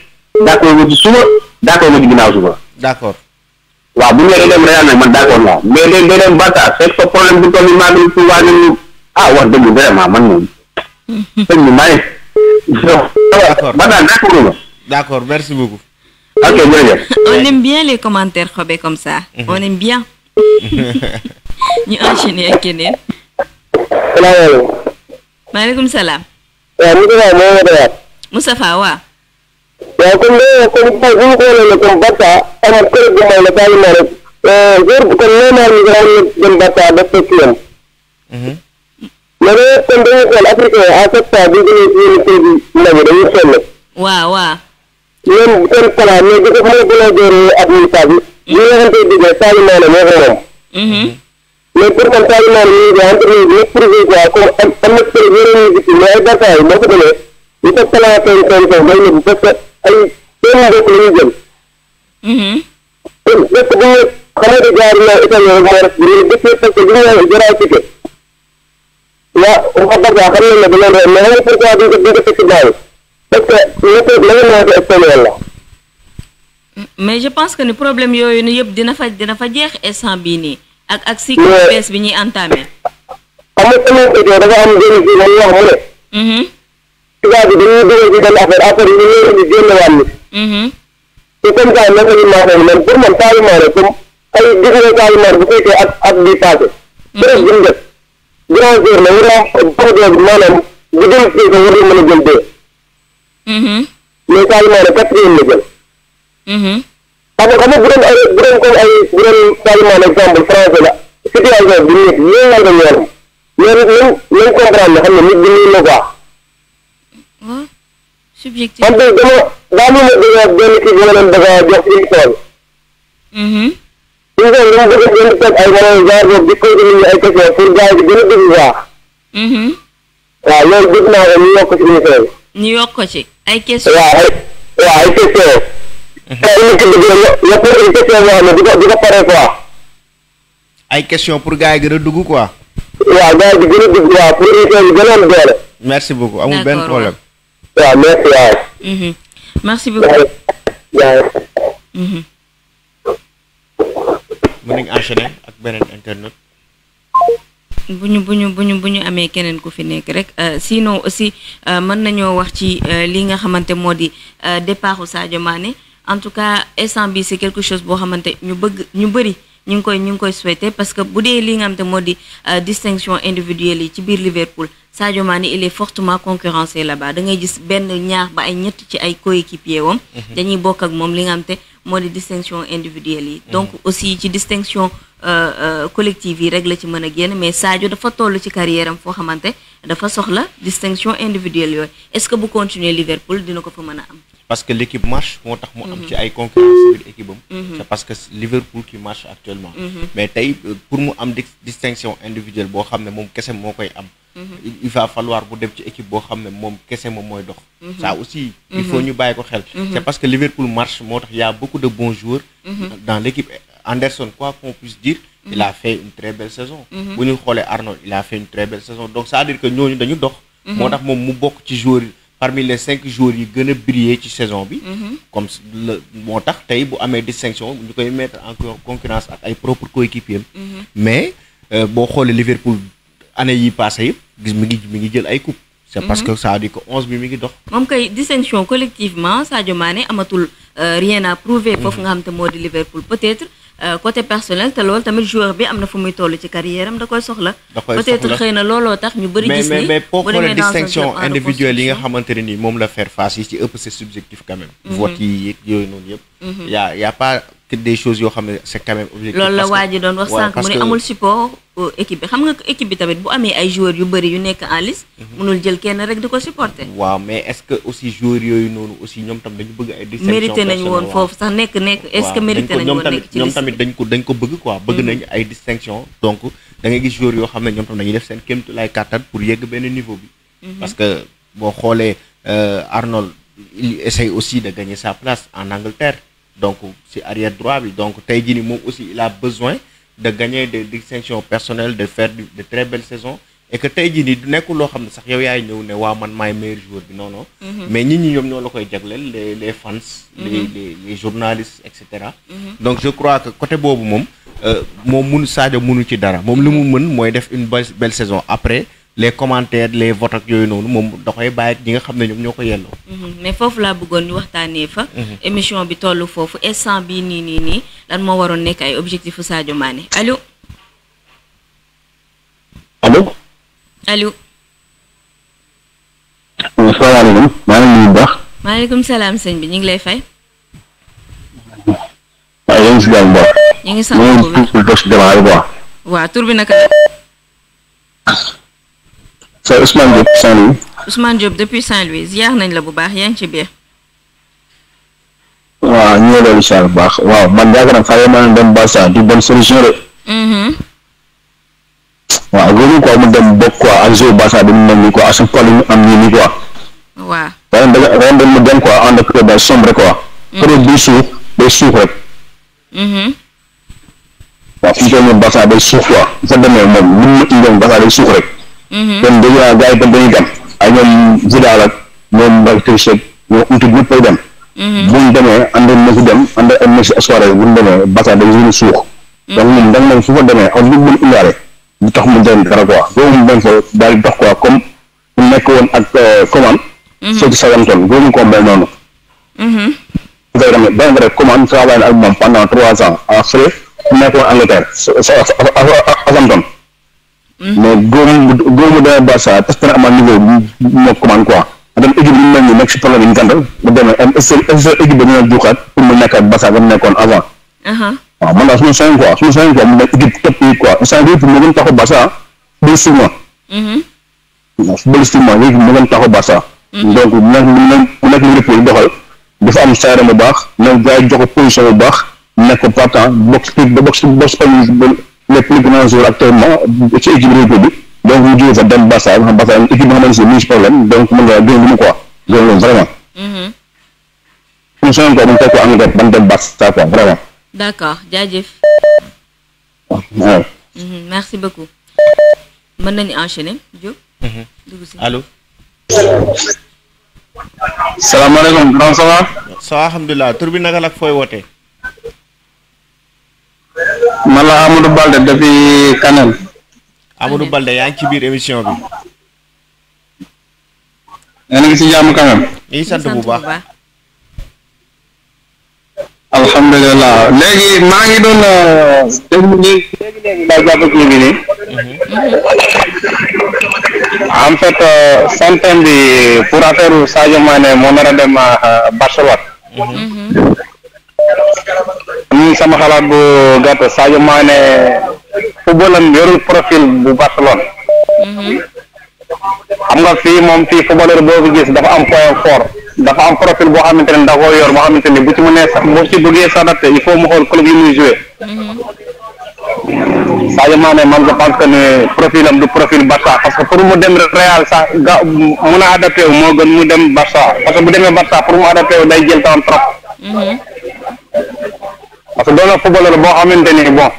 d'accord ma ci suba d'accord ma ci ginnaaw suba. d'accord. waaw bu ñu leen dem a nag man d'accord naa mais day day dem Barça fekk fa problème bu toll nii maa ngi leen ah wax dëgg vraiment man moom. sëñ bi maa ngi. d'accord merci beaucoup. ok jërëjëf. on aime bien les commentaires xobee comme ça. Mhm. on aime bien. ñu enchaîner ak keneen. salaamaaleykum. maaleykum salaam. waaw Moustapha moo ma dawaat. Moustapha waaw. waaw comme nee comme bu ñu xoolee ne comme Bata amat kër gu may la bàyyi ma rek euh, góor kon nee naa ñu gën a dem Bata ba fekk yem. ma ne kon dañuy xool africain à a fois bu ñu jëlee ci yenn produit ndaw yi dañuy sonn. waaw waaw. ñoom seen xalaat mais dafa moo gën a dooree ak ñun Sadio. ñu nga xamante ne bii Sadio Mané moo ko moom. Mhm. mais pour man Sadio Mané ñu ngi entre nous nekk na solo yeneen yu mais ay barkaay boo ko demee ñu ko xalaat seen seen seen day nëbb parce que ay seen mbokk la ñuy jël. Mhm. kon parce que bu ñu xamante jaar na italien moo rek bu ñu dëkkee parce que bu ñu jaraa waa waa Barga xam ne dinañ rey mais xam la nga nawet espagnol mais je pense que ni problème yooyu ni yëpp dina fa dina fa jeex instant bii nii. ak ak cycle bees bi ñuy entamé. xam nga sama dafa am benn ji mu ne. Mhm. tubaab bi dañuy dugal affaire affaire bi ñu indi man pour man changement comme ay gis nga changement bu fekkee ak ak bi passé. Mhm. presse bi mu def. grand jour la wala projet bi maanaam bu jël si ko war na mën a jël deux. Mm-hmm. mais Sadio Mané jël. Mm-hmm. parce que xam nga bu doon ay bu doon comme ay exemple français la situation bi nekk yéen a ngi ko ñoom ñoom ñoom ñoom comprendre xam ne nit ñi ñu la quoi. dama ma leen bëgg a jox ci tool. even though the things that I want to wear were because of eu I take my full guide, didn't do that. Mm-hmm. Yeah, you're good now in New York City. New York City. I guess. Yeah, I, yeah, I guess so. ay question pour gars yi gën a dugg quoi. waaw eu yi gën a dugg waaw pour émission bi gën a am doole. merci beaucoup amul benn problème. waaw merci waaw. merci beaucoup. waaw. mën enchaîner ak beneen internet bu fi rek aussi en tout cas c'est quelque chose ñu bëgg parce que bu li nga euh, distinction individuelle Liverpool Sadio il est fortement concurrencé là-bas da ngay gis ñaar ba ay ci ay moo distinction individuelle mm. donc aussi distinction euh, euh, collective yi rek la ci mën a mais Sadio dafa tollu ci carrière am distinction individuelle est-ce que vous continuez, Liverpool dina fa parce que l'équipe marche am mhm. ay concurrence équipe mhm. c'est parce que Liverpool qui marche actuellement mhm. mais pour moi am distinction individuelle ne xamné mom kessé mo koy am il va falloir bu dem ci équipe ne xamné mom kessé kese moy dox ça aussi il faut ñu battre xel c'est parce que Liverpool marche motax il y a beaucoup de bons joueurs dans l'équipe Anderson quoi qu'on puisse dire il a fait une très belle saison bu ñu Arnold il a fait une très belle saison donc ça veut dire que ñooñu dañu dox motax mom mu bok ci joueurs parmi les cinq joueurs qui ont brillé briller ci saison mhm. comme le moo il tey bu amee distinction ñu mettre en concurrence ak ay propres coéquipiers mhm. mais euh, boo xoolee Liverpool année yi passé yëpp gis mi ngi mi jël ay coupe mhm. parce que ça a dit que 11 bi mi ngi dox. moom kay distinction collectivement Sadio Mané amatul euh, rien à prouver. pour nga xam Liverpool peut-être. Euh, côté personnel te loolu tamit joueur bi amna fumuy tollu ci carrière am da koy soxla. peut-être xëy na looloo tax ñu bari gis ni mais mais distinction individuelle yi nga xamanteni ni mom la faire face ci ëpp c'est subjectif quand même. Mhm. vote yi yeeg yooyu noonu yëpp. Mhm. y a y a pas que des choses yo xam c'est quand même objectif. lolo waji waa doon wax sank mu ni amul support. Oh, équipe bi xam nga équipe bi tamit bu amee ay joueurs yu bëri yu nekk en liste. mënul mhm. jël kenn rek di ko supporter. waaw mais est-ce que aussi joueurs yooyu noonu aussi ñoom tam dañu bëgg ay. distinction mérité nañ woon foofu sax nekk nekk est-ce que mérité nañ woon nekk ci liste ñoom tamit dañ ko dañ ko bëgg quoi. bëgg mhm. nañ ay distinction donc da ngay gis joueurs yoo xam ne ñoom tam dañuy def seen kéemtu lay kàttan pour yegg benn niveau bi. Mhm. parce que boo xoolee euh, Arnold il essaye aussi de gagner sa place en Angleterre donc si arrière droit bi donc tey jii nii moom aussi il a besoin de gagner des distinctions personnelles de faire de très belles saisons et que tu jii nii du pas meilleur joueur non non. Mm-hmm. mais nous, ñi les les fans. les mm-hmm. les journalistes etc. Mm-hmm. donc je crois que côté Bobo, euh, dara une belle saison après les commentaires les votes ak yooyu noonu mom da koy bàyyi ñi nga xam ñom ñoko ñoo ko mhm. mais fofu la bëggoon ñu waxtaanee fa. Mhm. émission bi tollu fofu foofu instant bii ni ni nii lan moo waroon nekk ay objectifu Sadio Mané allô allo. allo. salaamaaleykum. ma ngi leen di baax. maaleykum salaam sëñ bi ñu ngi lay fay. waaw yéen si jàmm bu baax. ñu ngi sant bu baax ñu bi naka la. Ah. sa Ousmane Diop Saint-Louis. Ousmane Diop depuis Saint-Louis ziar nañ la bu baax yaa ngi ci biir. waaw ñu ngi lay ziar bu baax waaw man yaakaar naa fàtte naa dem Barça di bonne solution de. Mm-hmm. waaw loolu ko mu dem bokk quoi ak joueur Barça bi mu mel nii quoi à chaque fois am nii nii quoi. waaw ren da ren da mu dem quoi ànd ak day sombre quoi. Mm-hmm. peut-être buy suuf day suuf rek. Mm-hmm. waaw fi mu toll nii Barça day suuf quoi bu fa demee moom lu mu mën ci ñoom Barça day suuf rek. Mm-hmm. kon dégg naa gars yi tam dañuy dem ay ñoom Zidane ak ñoom Mbaye Trichek ñoom Umtu ñëpp bu demee ànd ak Messi dem ànd ak Messi soirée bu ñu demee Barça dañu leen suux. da nga ne su fa demee ak tax mu jëriñ dara quoi boobu mu daal di dox quoi comme mu nekk woon ak euh, commande. Mm-hmm. soo ci sawantoon ko mel noonu. parce que tamit benn vrai commande travaille ak moom pendant trois ans en frais mu nekk woon mais góomu góomu demee Barça espéré amaat niveau moo commande quoi nekk si problème yi ñu gàntal bu demee am est pour mu nekkaat Barça ba mu nekkoon avant. waaw man daal suñu sañ quoi suñu sañ quoi mu nekk équipe top yi quoi instant bii pour mu gën taxaw Barça bëlistiment. waaw bëlistiment léegi mu gën taxaw Barça. donc mu nekk mu nekk lu rëppoo doxal dafa am saayram bu baax nekk gars yi jox ko position bu baax nekk ko partant box box box les plus grands joueurs actuellement ci équipe réew bi donc mu jógee fa dem Barça nga xam Barça équipe bi nga xamante ne problème donc mën ngaa gën lu quoi loolu loolu vraiment. fonction bi quoi dañ koy ko engrais ban dem Barça quoi vraiment. d'accord jaajëf. waaw. Mhm, merci beaucoup. mën nañu enchaîner Diop. Mhm. dugg si allo. salaamaaleykum. ça va. alhamdulilah tur bi naka la ak fooy wootee. mala lagi Amadou Balde depuis lagi Amadou Balde lagi ngi ci lagi émission bi lagi ngi ci lagi lagi yi sant bu baax alhamdulillah lagi lagi ngi lagi lagi lagi lagi lagi lagi lagi lagi lagi en fait lagi euh, bi pour affaire Sadio Mané lagi lagi lagi lagi Barcelone mhm. Mhm. sama xalaat bu gàtt Sadio Mané football am yorul profil bu Barcelone mhm. xam nga fii moom fii footballeur boobu gis dafa am point fort dafa am profil boo xamante ne da koo yor boo xamante ne bu ci mu xool club yi muy joué mhm. Sadio Mané man je pense que ne profil am du profil Barça parce que pour mu dem Real sax ga mun a moo gën mu dem Barça parce que bu demee Barça pour mu adapté wu day jël temps trop mhm. parce que doon na footballeur boo xamante ni bon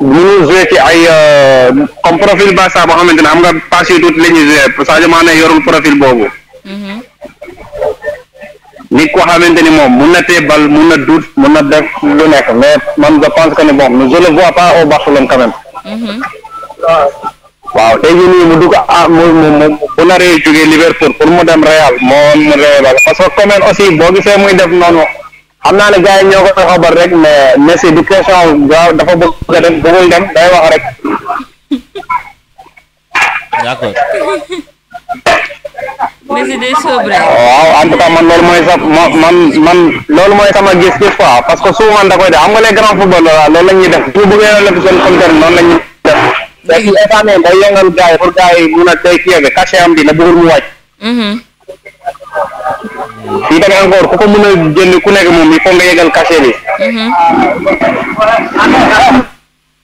mënul joué ci ay euh, comme profil Barça boo xamante ne xam nga passe yu tuuti la ñuy joué Sadio Mané yorul profil boobu. Mm-hmm. nit koo xamante ni moom mun na tee bal mun na duut mun na def lu nekk mais man je pense que ni bon je le vois pas au Barcelone quand même. Mm-hmm. waaw tey jii nii mu dugg ah mu mu mu bu naree Liverpool pour mu dem Real moo mu Real parce que quand même aussi boo gisee muy def noonu. xam naa ne gars yi ñoo koy xabar rek mais Messi du question waaw dafa bëgg a dem bëggul dem day wax rek. d'accord. Messi day sobre. waaw en tout cas man loolu mooy sa man man man loolu mooy sama gis-gis quoi parce que souvent da koy def xam nga les grands footballeurs la loolu la ñuy def su bëggee loolu la fi seen comité noonu la ñuy def. léegi état ne day yëngal gars yi pour gars yi mun a tey kii yeggee cachet am bi na bëggul mu wàcc. Mm-hmm. fii tamit encore ku ko mën a jënd ku nekk moom il faut nga yëgal cachet bi. Mhm.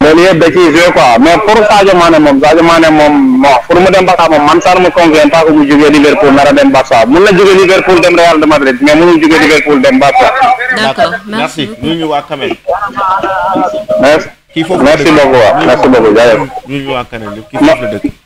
loolu yëpp da ciy joué quoi mais pour Sadio Mané moom Sadio Mané moom bon pour mu dem Barça moom man ça ne me convient pas que mu jógee Liverpool nar a dem Barça mun na jógee Liverpool dem Real de Madrid mais mënul jógee Liverpool dem Barça. d'accord merci ñu ñu waa Kamel. merci. kii foofu la dëkk merci beaucoup waaw merci beaucoup jaajëf. ñu ñu waa Kamel kii foofu la dëkk.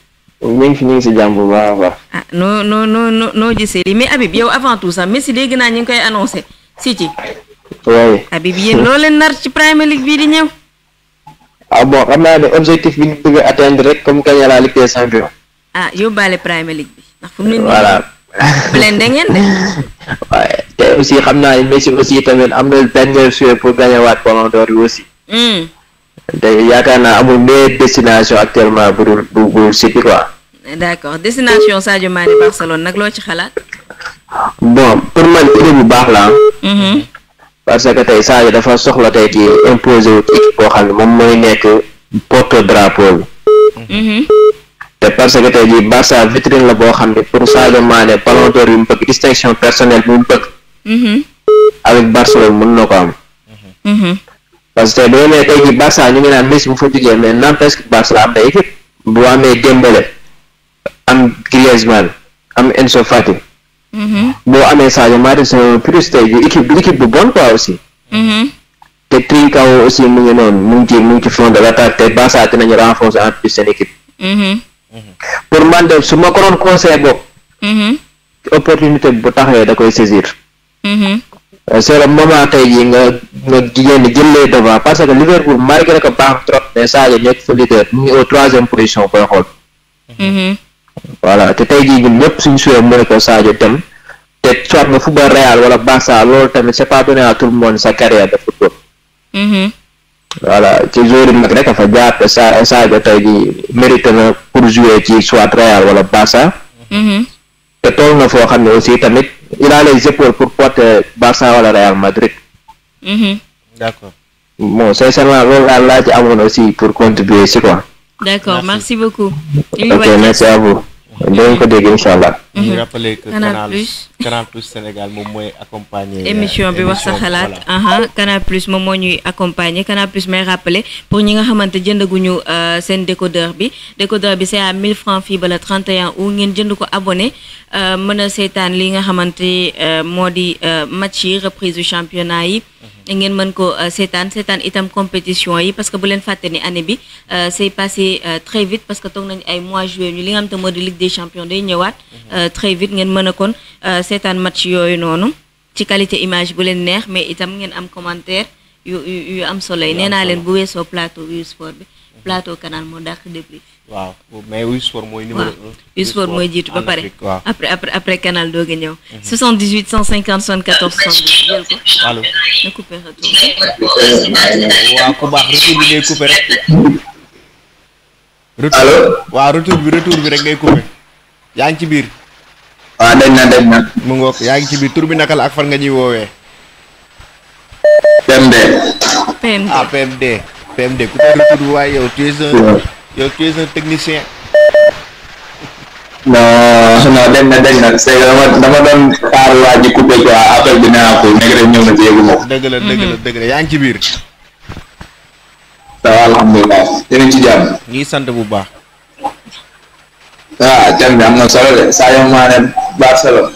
ñu ngi fi ñu ngi si jàmm baax a baax. ah noo noo noo noo gisee lii mais Habib yow avant tout ça Messi dégg naa ñu ngi koy annoncé si ci. oui Habib yéen leen nar ci Premier League bii di ñëw. ah bon xam naa ne objectif bi ñu bëgg rek comme gagner la Ligue des champions. ah yóbbaale Premier League bi ndax fu ngeen de. waaye te aussi xam naa ne Messi aussi tamit am na benn joueur pour gagner waat Ballon d'Or yi aussi. Hmm. te yaakaar naa amul meilleure destination actuellement bu dul bu bu City quoi. d'accord destination Sadio Mané Barcelone nag loo ci xalaat. bon pour man idée bu baax la ah. mm-hmm. parce que tey Sadio dafa soxla tey ci imposé wu koo xam ne moom mooy nekk porte drapeau bi. Mm-hmm. te parce que tey jii Barça vitrine la boo xam ne pour Sadio Mané Ballon d'Or yu mu bëgg distinction personnelle bi mu mm-hmm. avec Barcelone mën na ko am. parce que boo nee tey jii Barça ñu ngi naan Messi jugee mais n'empêche que Barça am na équipe bu amee Dembélé am Griezmann am Enzo mm-hmm. boo amee Sadio Mané c'est plus tey jii équipe bu bon quoi aussi. Mm-hmm. te Trincao aussi mu ngi noonu mu ngi ci fond de l'attaque te Barça dinañu renforcer en plus seen mm-hmm. pour man de su ma conseil boobu. opportunité bu taxawee da koy saisir. c'est moment tey jii nga nga jigéen ñi jëlee devant parce que Liverpool malgré que baax trop mais Sadio nekk fa leader mu ngi au troisième position koy xool. Mhm. voilà te tey jii ñun ñëpp suñu suwee mooy ko Sadio dem te soit nga football Real wala Barça loolu tamit c'est pas donné tout le sa carrière de football. Mhm. voilà ci joueur mag rek a fa jaar te Sa Sadio tey jii na pour jouer ci soit Real wala Barça. Mhm. te toll na foo xam ne aussi tamit. il a les épaules pour porter Barça wala Real Madrid. Mhm. d'accord. bon sincèrement loolu daal laa ci aussi pour contribuer si quoi. d'accord merci beaucoup. ok merci à vous. dinañ ko mhm. rappelé que Canal Plus Canal Plus Sénégal moom mooy accompagner. Euh, émission bi wax sa xalaat Canal Plus moom ñuy accompagner Canal Plus may pour ñi nga xamante jëndaguñu euh, seen décodeur bi décodeur bi c'est à 1000 francs fii ba le 31 août ngeen jënd abonné euh, mën a li nga xamante moo di match yi reprise du championnat yi. Mhm ngeen mën ko euh, seetaan seetaan itam compétition yi parce que bu len fàtte ni année bi euh, c'est passé euh, très vite parce que tok nañ ay mois juillet ñu li nga xam te moo Ligue des champions day ñëwaat mhm. très vite ngeen mën a kon seetaan match yoyu noonu ci qualité image bu len neex mais itam ngeen am commentaire yu yu am solo yi len bu weesoo plateau yu sport bi plateau canal mo dàq depuis waaw oh, mais oui Isfor mooy numéro un. Isfor mooy jiitu ba pare après après après canal doog a ñëw. 78 150 74 72 jël ko. allo na coupé retour. waaw ku baax retour bi ngay coupé rek. allo waaw retour bi retour bi rek ngay coupé. yaa ngi ci biir. waaw dañ na dañ na. mu ngoog yaa ngi ci biir tur bi yow tu es un technicien. non non dañ na dañ na c'est que dama doon xaar waa ji coupé quoi appel bi na ci ko. dëgg la dëgg la dëgg yaa ngi ci biir. ça va alhamdulilah ngi sant bu baax. ah jàmm bi am na solo de Sadio Mané Barcelone.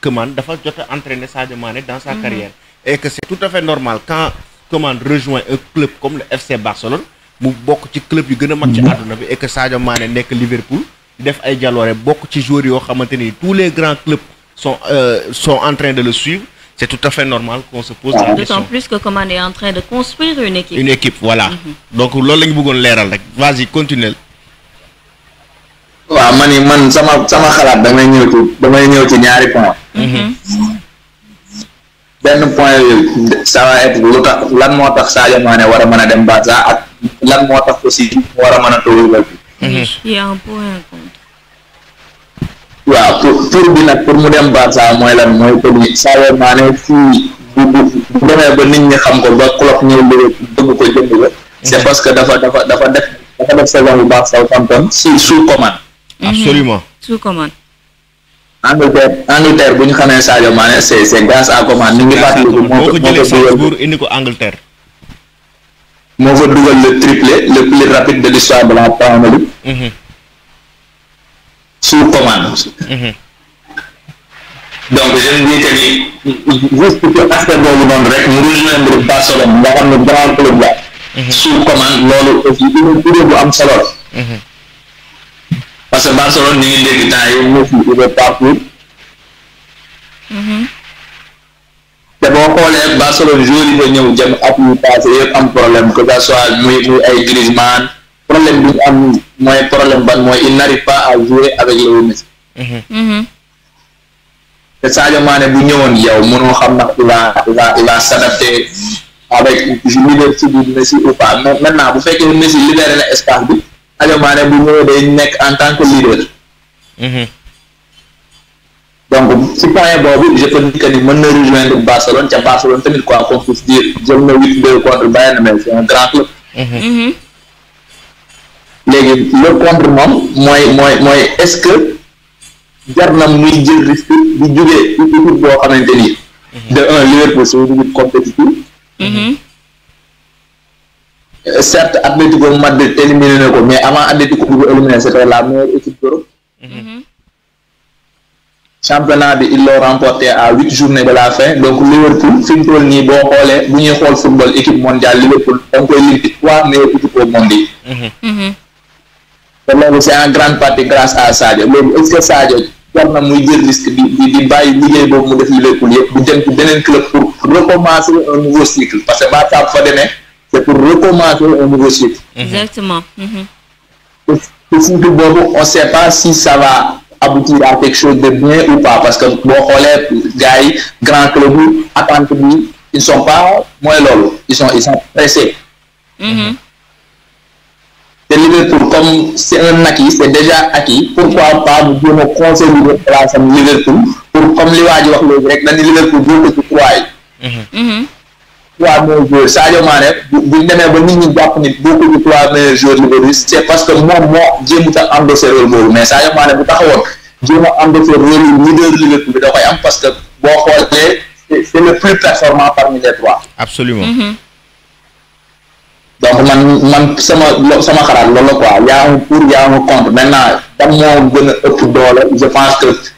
Coman dafa jot entraîner Sadio Mané dans sa mhm. carrière et que c'est tout à fait normal quand Coman rejoint un club comme le FC Barcelone mu bok ci club yu gëna mag ci aduna mhm. bi et que Sadio Mané Liverpool def ay jaloore bok ci joueurs à maintenir tous les grands clubs sont euh, sont en train de le suivre c'est tout à fait normal qu'on se pose la question d'autant plus que Coman est en train de construire une équipe une équipe voilà mhm. donc loolu Bougon ñu vas-y continue waaw ma man sama sama xalaat damay ñëw ci damay ñëw ci ñaari point benn point ça va être lu tax lan moo tax Sadio dem ak lan moo tax aussi war a mën a tëwul ba waaw pour bi nag pour mu dem Barça mooy lan mooy que ni Sadio Mané fii bu bu ba nit ñi xam ko ba Klopp ñëw dëgg dëgg ko jënd ko c'est parce que dafa dafa dafa def dafa def saison bu baax si sous commande Absolument. Sous commande. Angleterre Angleterre bu ñu Sadio Mané c'est c'est grâce à commande ñu ngi fàttaliku moo ko jëlee Salzbourg indi ko Angleterre moo fa le triplé le plus rapide de l'histoire de la Premier League sous commande donc je me dis que ni juste que grand club sous commande parce que Barcelone ñu ngi dégg temps yi Messi il est partout. Mhm. boo xoolee Barcelone joueur fa ñëw jëm at yu passé yëpp am problème que ça soit muy muy ay Griezmann problème bi am mooy problème ban mooy il n'arrive pas à jouer avec Léo Messi. Mhm. Mhm. te Sadio Mané bu ñëwoon yow mënoo xam ndax il va il va il va s'adapter avec leadership bi Messi ou pas maintenant bu fekkee Messi libéré espace bi. Sadio bu ñëwee day nekk en tant que leader. Mhm. donc ci point boobu je peux dire ni mën na rejoindre Barcelone ca Barcelone tamit quoi qu'on puisse dire jël na huit deux contre Bayern mais c'est un grand club. Mhm. Mhm. léegi le contre moom mooy mooy mooy est-ce que jar na muy jël risque di jógee équipe boo xamante ni. de un Liverpool c'est une équipe compétitive. certes Atlético Madrid éliminé na ko mais avant Atlético di ko éliminer c'était la meilleure équipe d'Europe mhm. championnat bi ils remporté à huit journées de la fin donc Liverpool fi mu toll nii boo xoolee bu ñuy xool football équipe mondiale Liverpool da koy lim trois meilleures équipes au mhm. Mhm. loolu c'est en grande partie grâce à Sadio loolu est-ce que Sadio war na muy jël risque di di bàyyi liggéey boobu mu def Liverpool yëpp bu jëm ci beneen club pour recommencer un nouveau cycle parce que Barça bu fa demee. c'est pour recommencer un nouveau cycle. Mhm. Exactement. Mmh. te Fouta boobu on sait pas si ça va aboutir à quelque de bien ou pas parce que boo xoolee gars yi atant club bi attente bi ils sont pas mooy loolu ils sont ils sont pressés. Mhm. Liverpool comme c'est un acquis c'est déjà acquis pourquoi pas bu jéem a consolider place am Liverpool pour comme li waa ji wax léegi rek dañu Liverpool boo ko ci croix trois meilleurs joueurs Sadio Mané bu bu ba nit ñi jàpp ni beaucoup de trois meilleurs joueurs Liverpool c'est parce que moom moo jéemut a endossé rôle boobu mais Sadio Mané bu taxawoon jéem a endossé rôle leader Liverpool bi da koy am parce que boo xoolee c'est le plus performant parmi les trois. absolument. Mm-hmm. donc man man sama sama xalaat loolu la quoi yaa ngi pour yaa ngi contre maintenant dam moo gën a ëpp doole je pense que.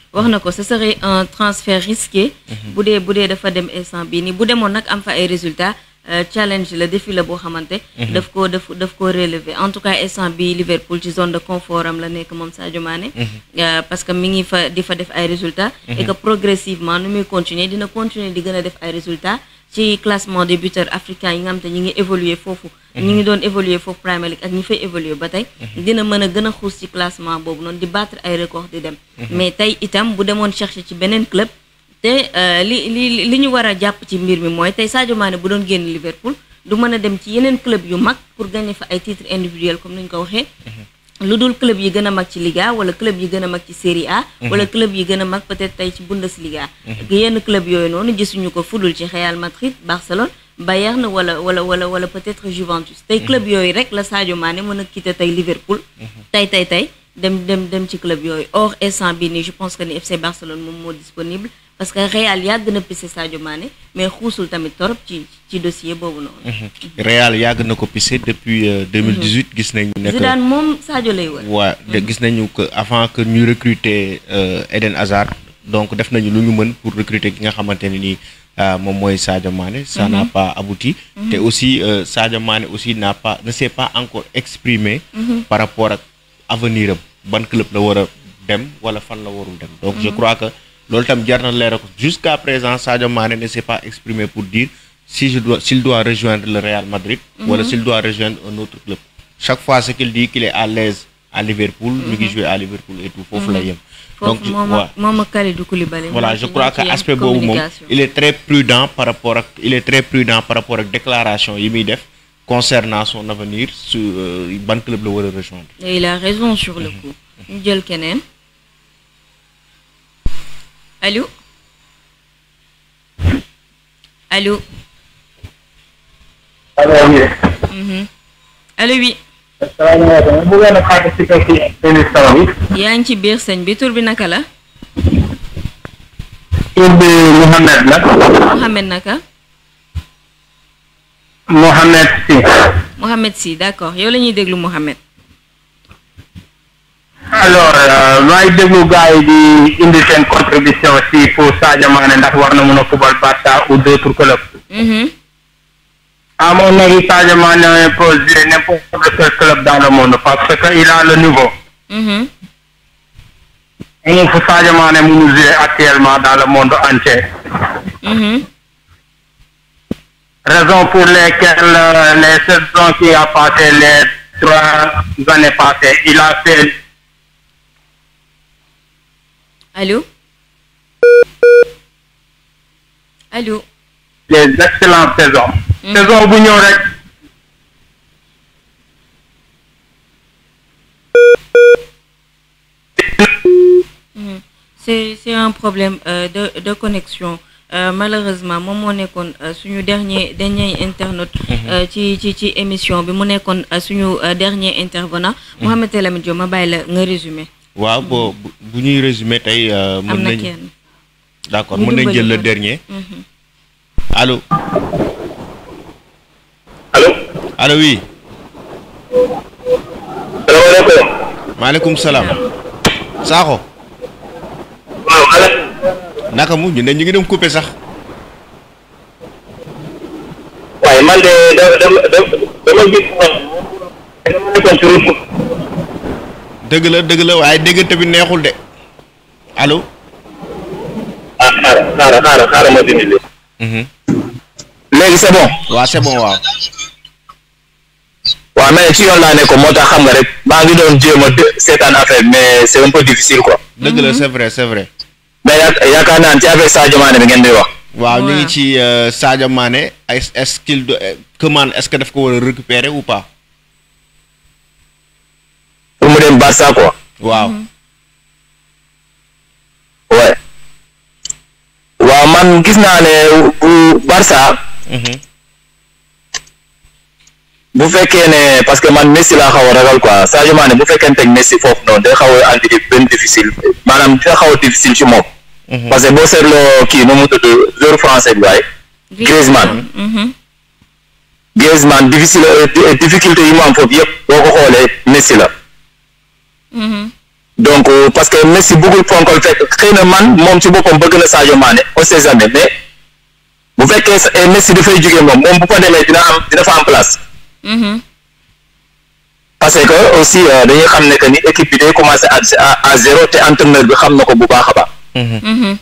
wax ça ce serait un transfert risqué. Mhm. bu dee dafa dem instant bi ni bu demoon nak am fa ay résultats euh, challenge le défi la bo xamanté mhm. daf ko daf ko relever en tout cas instant bi Liverpool ci zone de confort am la nek mom Sadio Mané. Mhm. Euh, parce que mi ngi fa di fa def ay résultats. et que progressivement nous muy continuer dina continuer di gëna def ay résultats ci classement des buteurs africains yi nga xam te ñi ngi évoluer foofu mhm. ñi ngi doon évoluer foofu Premier League ak ñi fay évoluer ba tey mhm. dina mën a gën a xuus ci classement boobu noonu di battre ay records di dem mhm. mais tey itam bu demoon chercher ci beneen club te euh, li li li ñu war a jàpp ci mbir mi mooy tey Sadio Mané bu doon génn Liverpool du mën a dem ci yeneen club yu mag pour gagner fa ay titres individuels comme ni ñu ko waxee ludul club yi gëna mag ci Liga wala club yi gëna mag ci Serie A mhm. wala club yi gëna mag peut-être tay ci Bundesliga mhm. yenn club yooyu noonu gisuñu ko fudul ci Real Madrid Barcelone Bayern wala wala wala wala peut-être Juventus tay mhm. club yooyu rek la Sadio Mané mën a quitter tay Liverpool tay tay tay dem dem dem ci club yooyu or instant bi nii je pense que ni FC Barcelone moom moo disponible parce que Real yag na pisse Sadio Mané mais xuusul tamit torop ci ci dossier bobu non mhm. Real yag na ko depuis 2018. Euh, mhm. gis nañu ne Zidane mom Sadio lay wone waaw mhm. gis nañu que avant que ñu recruter euh, Eden Hazard donc def nañu lu ñu mën pour recruter ki nga xamanteni ni euh, mom moy Sadio ça n'a pas abouti Et aussi Sadio aussi n'a pas ne s'est pas encore exprimé par rapport à avenir de ban club la wara dem wala fan la warul dem donc je crois que jusqu'à présent Sadio Mane ne s'est pas exprimé pour dire si s'il doit rejoindre le Real Madrid. ou mhm. s'il doit rejoindre un autre club. chaque fois ce qu'il dit qu'il est à l'aise à Liverpool. lui qui mhm. joue à Liverpool et tout faut la mhm. donc voilà je crois qu'il il est très prudent par rapport à il est très prudent par rapport déclaration yi concernant son avenir sur le euh, club le rejoindre. et il a raison sur le coup. Miguel allo allo. allo oui. Mhm. allo oui. asalaamaaleykum bu ngeen a participer bi. yaa ngi ci biir sëñ bi tur bi naka la. tur bi Mouhamed la. Mouhamed naka. Mouhamed Sy. Mouhamed Sy d'accord yow la ñuy déglu Mouhamed. alors maa euh, vous déglu gars une di indi contribution si pour Sadio Mané ndax war na ou d'autres clubs. Mhm. à mon avis Sadio Mané imposé n'importe quel club dans le monde parce que il a le niveau. Mhm. Et fu Sadio Mané est actuellement dans le monde entier. Mhm. raison pour laquelle euh, les saisons qui a passé les trois années passées il a fait. Allô Allô Les excellentes saisons. Mm. Saison rek. Mhm. C'est c'est un problème euh, de de connexion. Euh, malheureusement mon moo euh, suñu dernier dernier internaute mhm. euh, ci ci ci émission bi mu nekkoon euh, suñu dernier intervenant mhm. Mohamed Lamine Diop ma résumé waaw boo bu ñuy résumé tey. Euh, mën nañ d' accord mën nañ jël le dernier. allo. Mhm. allo. allo oui. salaamaaleykum. maaleykum salaam. Sakho. waaw ala. naka mu ñu ne ñu ngi dem coupé sax. waaye man de dama dama dama gis. dëgg la dëgg la waaye déggante bi neexul de alo ah xaaral xaaral xaaral ma dindi léegi. Mhm. léegi c'est bon. waaw c'est bon ci yoon laa nekkoon moo tax xam nga rek maa ngi doon jéem a seetaan affaire mais c'est un peu difficile quoi. dëgg la c'est vrai c'est vrai. mais yaakaar naa ci affaire Sadio Mané bi ngeen di wax. waaw ñu ngi ci euh, Sadio Mané est-ce qu'il commande euh, est-ce que daf ko war a récupérer ou pas. dem Barça quoi. waaw. ouais. waaw man gis naa ne Barça. Mhm. bu fekkee ne parce que man Messi laa xaw a ragal quoi Sadio Mané bu fekkente ne Messi foofu noonu day xaw a andi benn difficile maanaam dina xaw a ci moom. Mhm. parce que boo seetloo kii nu mu tudd joueur français bi waaye. Griezmann. Griezmann mhm. difficile euh, difficulté yi mu am foofu boo ko xoolee Messi la. donc euh, parce que Messi bëggul ponkal fekk xëy na man moom si boppam ba na a Mané on sait jamais mais bu fekkee Messi dafay jógee moom moom bu fa demee dina am dina fa am place. Mm-hmm. parce que aussi euh, dañuy xam ne que ni équipe bi day commencé à à zéro te entraîneur bi xam na ko bu baax a baax. Mm-hmm. Mm-hmm.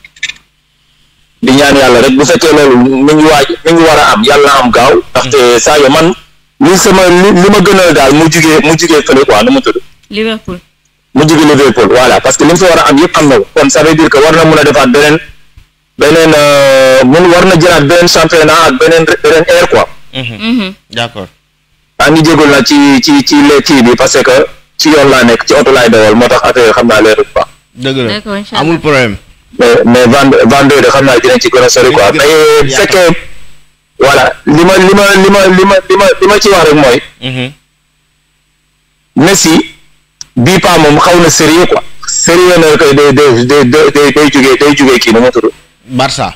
di ñaan yàlla rek bu fekkee loolu mi ngi waaj mi ngi war a am yàlla am gaaw. ndaxte Sadio man li sama li ma a daal mu jugee mu jugee fële quoi nu mu tudd. Liverpool. mu jóge Liverpool voilà parce que li mu fa war a am yëpp na ko kon ça veut dire que war na mën a defaat beneen beneen euh, mun war na jëlaat beneen championnat beneen air quoi. Mm-hmm. Mm-hmm. d'accord. maa ngi jégalu nag ci ci ci les kii bi parce que ci yoon laa nekk ci oto laay dawal moo tax affaire xam naa leerul baax. dëgg la amul problème. mais mais vendredi xam naa dinañ ci gën a sori quoi fekkee voilà li ma li ma li ma li ma li ma li ma ci wax mooy. Mm-hmm. Messi. bii paa moom xaw na sérieux quoi sérieux na koy day day day day day jugee day jugee kii nu ma Barça.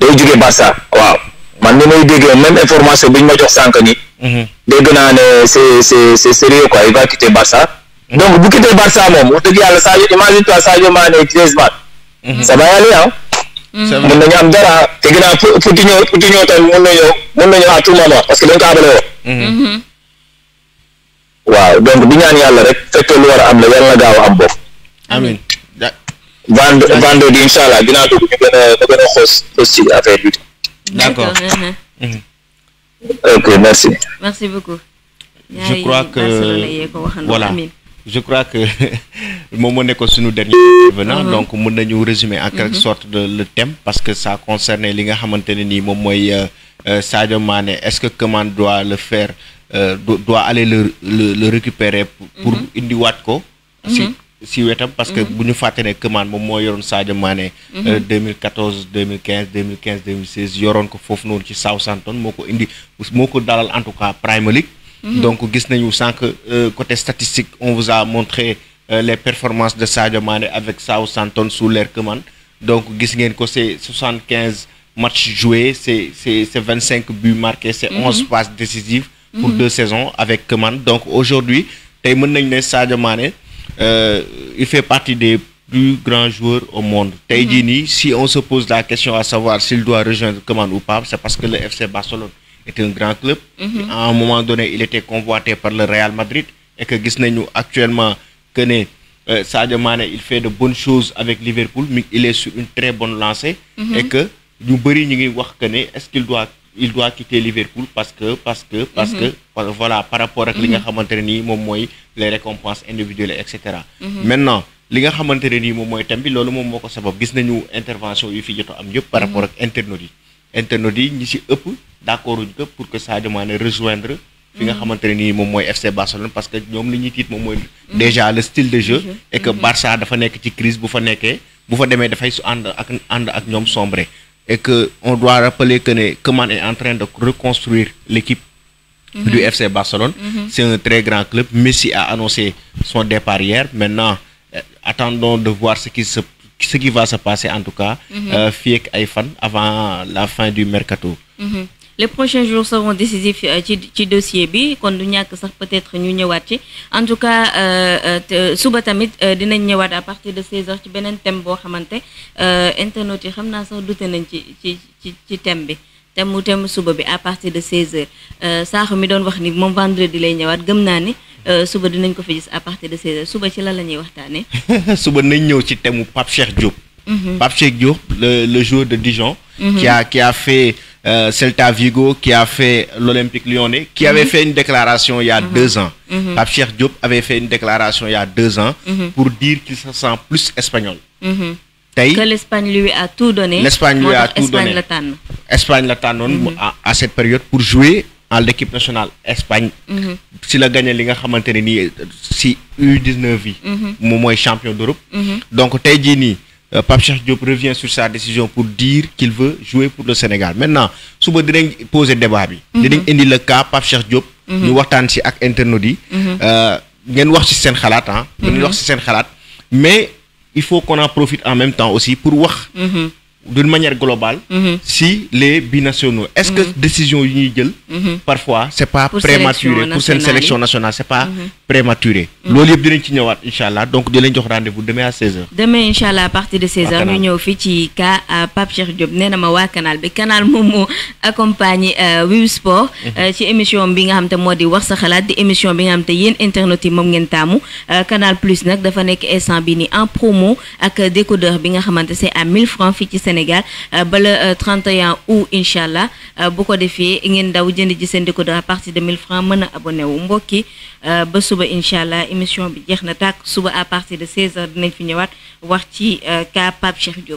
day jugee Barça waaw man ni may déggee même information bi ñu ma jox sànq ni mhm. dégg naa ne c'est c'est sérieux quoi il va quitter Barça. Mhm. donc bu quitter Barça moom wax dëgg yàlla Sadio imagine toi Sadio Mané treize matchs. ça va y aller ah. mën nañu am dara te ginnaaw Coutinho Coutinho na ñëw mën na ñëw à tout moment parce que dañ ko abale woon. Mhm. waaw donc di ñaan yàlla rek fekkee lu war a am la yàlla na gaaw am bopp. amiin. vendredi incha allah dinaa dugg ñu gën a ñu gën a xoos xoos ci affaire bi. d'accord. Mhm. ok merci. merci beaucoup. je crois que voilà je crois que moom moo nekkoon suñu dernier intervenant uh-huh. donc mën nañu résumer en quelque uh-huh. sorte de le thème parce que ça concerne li nga xamante ne nii moom mooy euh, euh, Sadio Mané est-ce que Coman doit le faire euh, doit aller le, le, récupérer pour, Indi mm -hmm. ko mhm. si si wetam parce que mhm. bu ñu fàtte ne commande mom mo yoroon Sadio Mané 2014 2015 2015 2016 yoroon ko foofu noonu ci Southampton moo indi moko dalal en tout cas Premier League mhm. donc gis nañu que euh, côté statistique on vous a montré euh, les performances de Sadio Mané avec Southampton sous l'ère commandes donc gis ngeen ko c'est 75 matchs joués c'est 25 buts marqués c'est 11 passes décisives pour mhm. deux saisons avec Keman. Donc aujourd'hui, Sadio Mané, euh, il fait partie des plus grands joueurs au monde. Taïdini, mhm. si on se pose la question à savoir s'il doit rejoindre Command ou pas, c'est parce que le FC Barcelone est un grand club. Mhm. À un moment donné, il était convoité par le Real Madrid et que nous actuellement connaît euh, Sadio il fait de bonnes choses avec Liverpool mais il est sur une très bonne lancée et que nous bari est-ce qu'il doit il doit quitter Liverpool parce que parce que parce mhm. que voilà par rapport à li nga mhm. xamante ne les récompenses individuelles et cetera mhm. maintenant li nga xamante ni nii moom mooy tam bi loolu moom moo ko sabab gis nañu intervention yu fi jot am yëpp par rapport ak internautes yi internautes yi ñi si ëpp d'accord uñu ko pour que Sadio Mane rejoindre fi nga xamante ni moom mooy FC Barcelone parce que ñoom li ñuy tiit moom mooy déjà le style de jeu et que Barça dafa nekk ci crise bu fa nekkee bu fa demee dafay su ànd ak ànd ak ñoom sombre et que on doit rappeler que ne, est en train de reconstruire l'équipe mhm. du FC Barcelone. Mhm. C'est un très grand club. Messi a annoncé son départ hier. Maintenant, euh, attendons de voir ce qui ce qui va se passer en tout cas, mm -hmm. avant la fin du mercato. Mhm les prochains jours seront décisifs euh, ci dossier bi kon du peut-être ñu ñëwaat en tout cas euh, euh, suba tamit dinañ ñëwaat à partir de 16h ci thème internautes yi xamna sax nañ ci ci ci thème à partir de 16h mi wax ni vendredi lay ñëwaat à partir de 16h suba ci suba le jour de Dijon. Mhm. qui a qui a euh, Celta Vigo, qui a fait l'Olympique lyonnais, qui mhm. avait fait une déclaration il y a mhm. deux ans. Mm Diop avait fait une déclaration il y a deux ans mhm. pour dire qu'il se sent plus espagnol. Que l'Espagne lui a tout donné. L'Espagne lui a tout donné. L'Espagne l'a donné à cette période pour jouer en l'équipe nationale Espagne. Si a gagné l'Inga Hamanteni, si U19, est champion d'Europe. Donc, Taïdini. Euh, Pape Cheikh Diop revient sur sa décision pour dire qu'il veut jouer pour le Sénégal maintenant si vous poser débat mhm. le cas Pape Cheikh Diop. Mhm. ñu mais il faut qu'on en profite en même temps aussi pour voir d'une manière globale mm -hmm. si les binationaux est-ce mm -hmm. que mm-hmm. décision unique ñuy jël mm-hmm. parfois c'est pas pour prématuré pour cette sélection nationale c'est pas mm-hmm. prématuré loolu yëpp dinañ ci ñëwaat incha donc di leen jox rendez-vous demain à 16h demain inshallah à partir de 16h ñu ñëw fii ci cas Pape Cheikh Diop nee ma canal bi canal momo accompagne accompagne euh, wiw sport euh, ci émission bi nga moi de voir wax sa xalaat di émission bi nga xam internet ngeen euh, canal plus nag dafa nekk instant bi ni en promo ak décodeur bi nga xamante c'est à 1000 francs fii ci Sénégal euh, ba le 31 euh, août incha euh, bu ko et ngeen daw de à partir de 1000 francs abonné wu mbokki ba suba émission bi à partir de 16h dinañ fi ñëwaat wax ci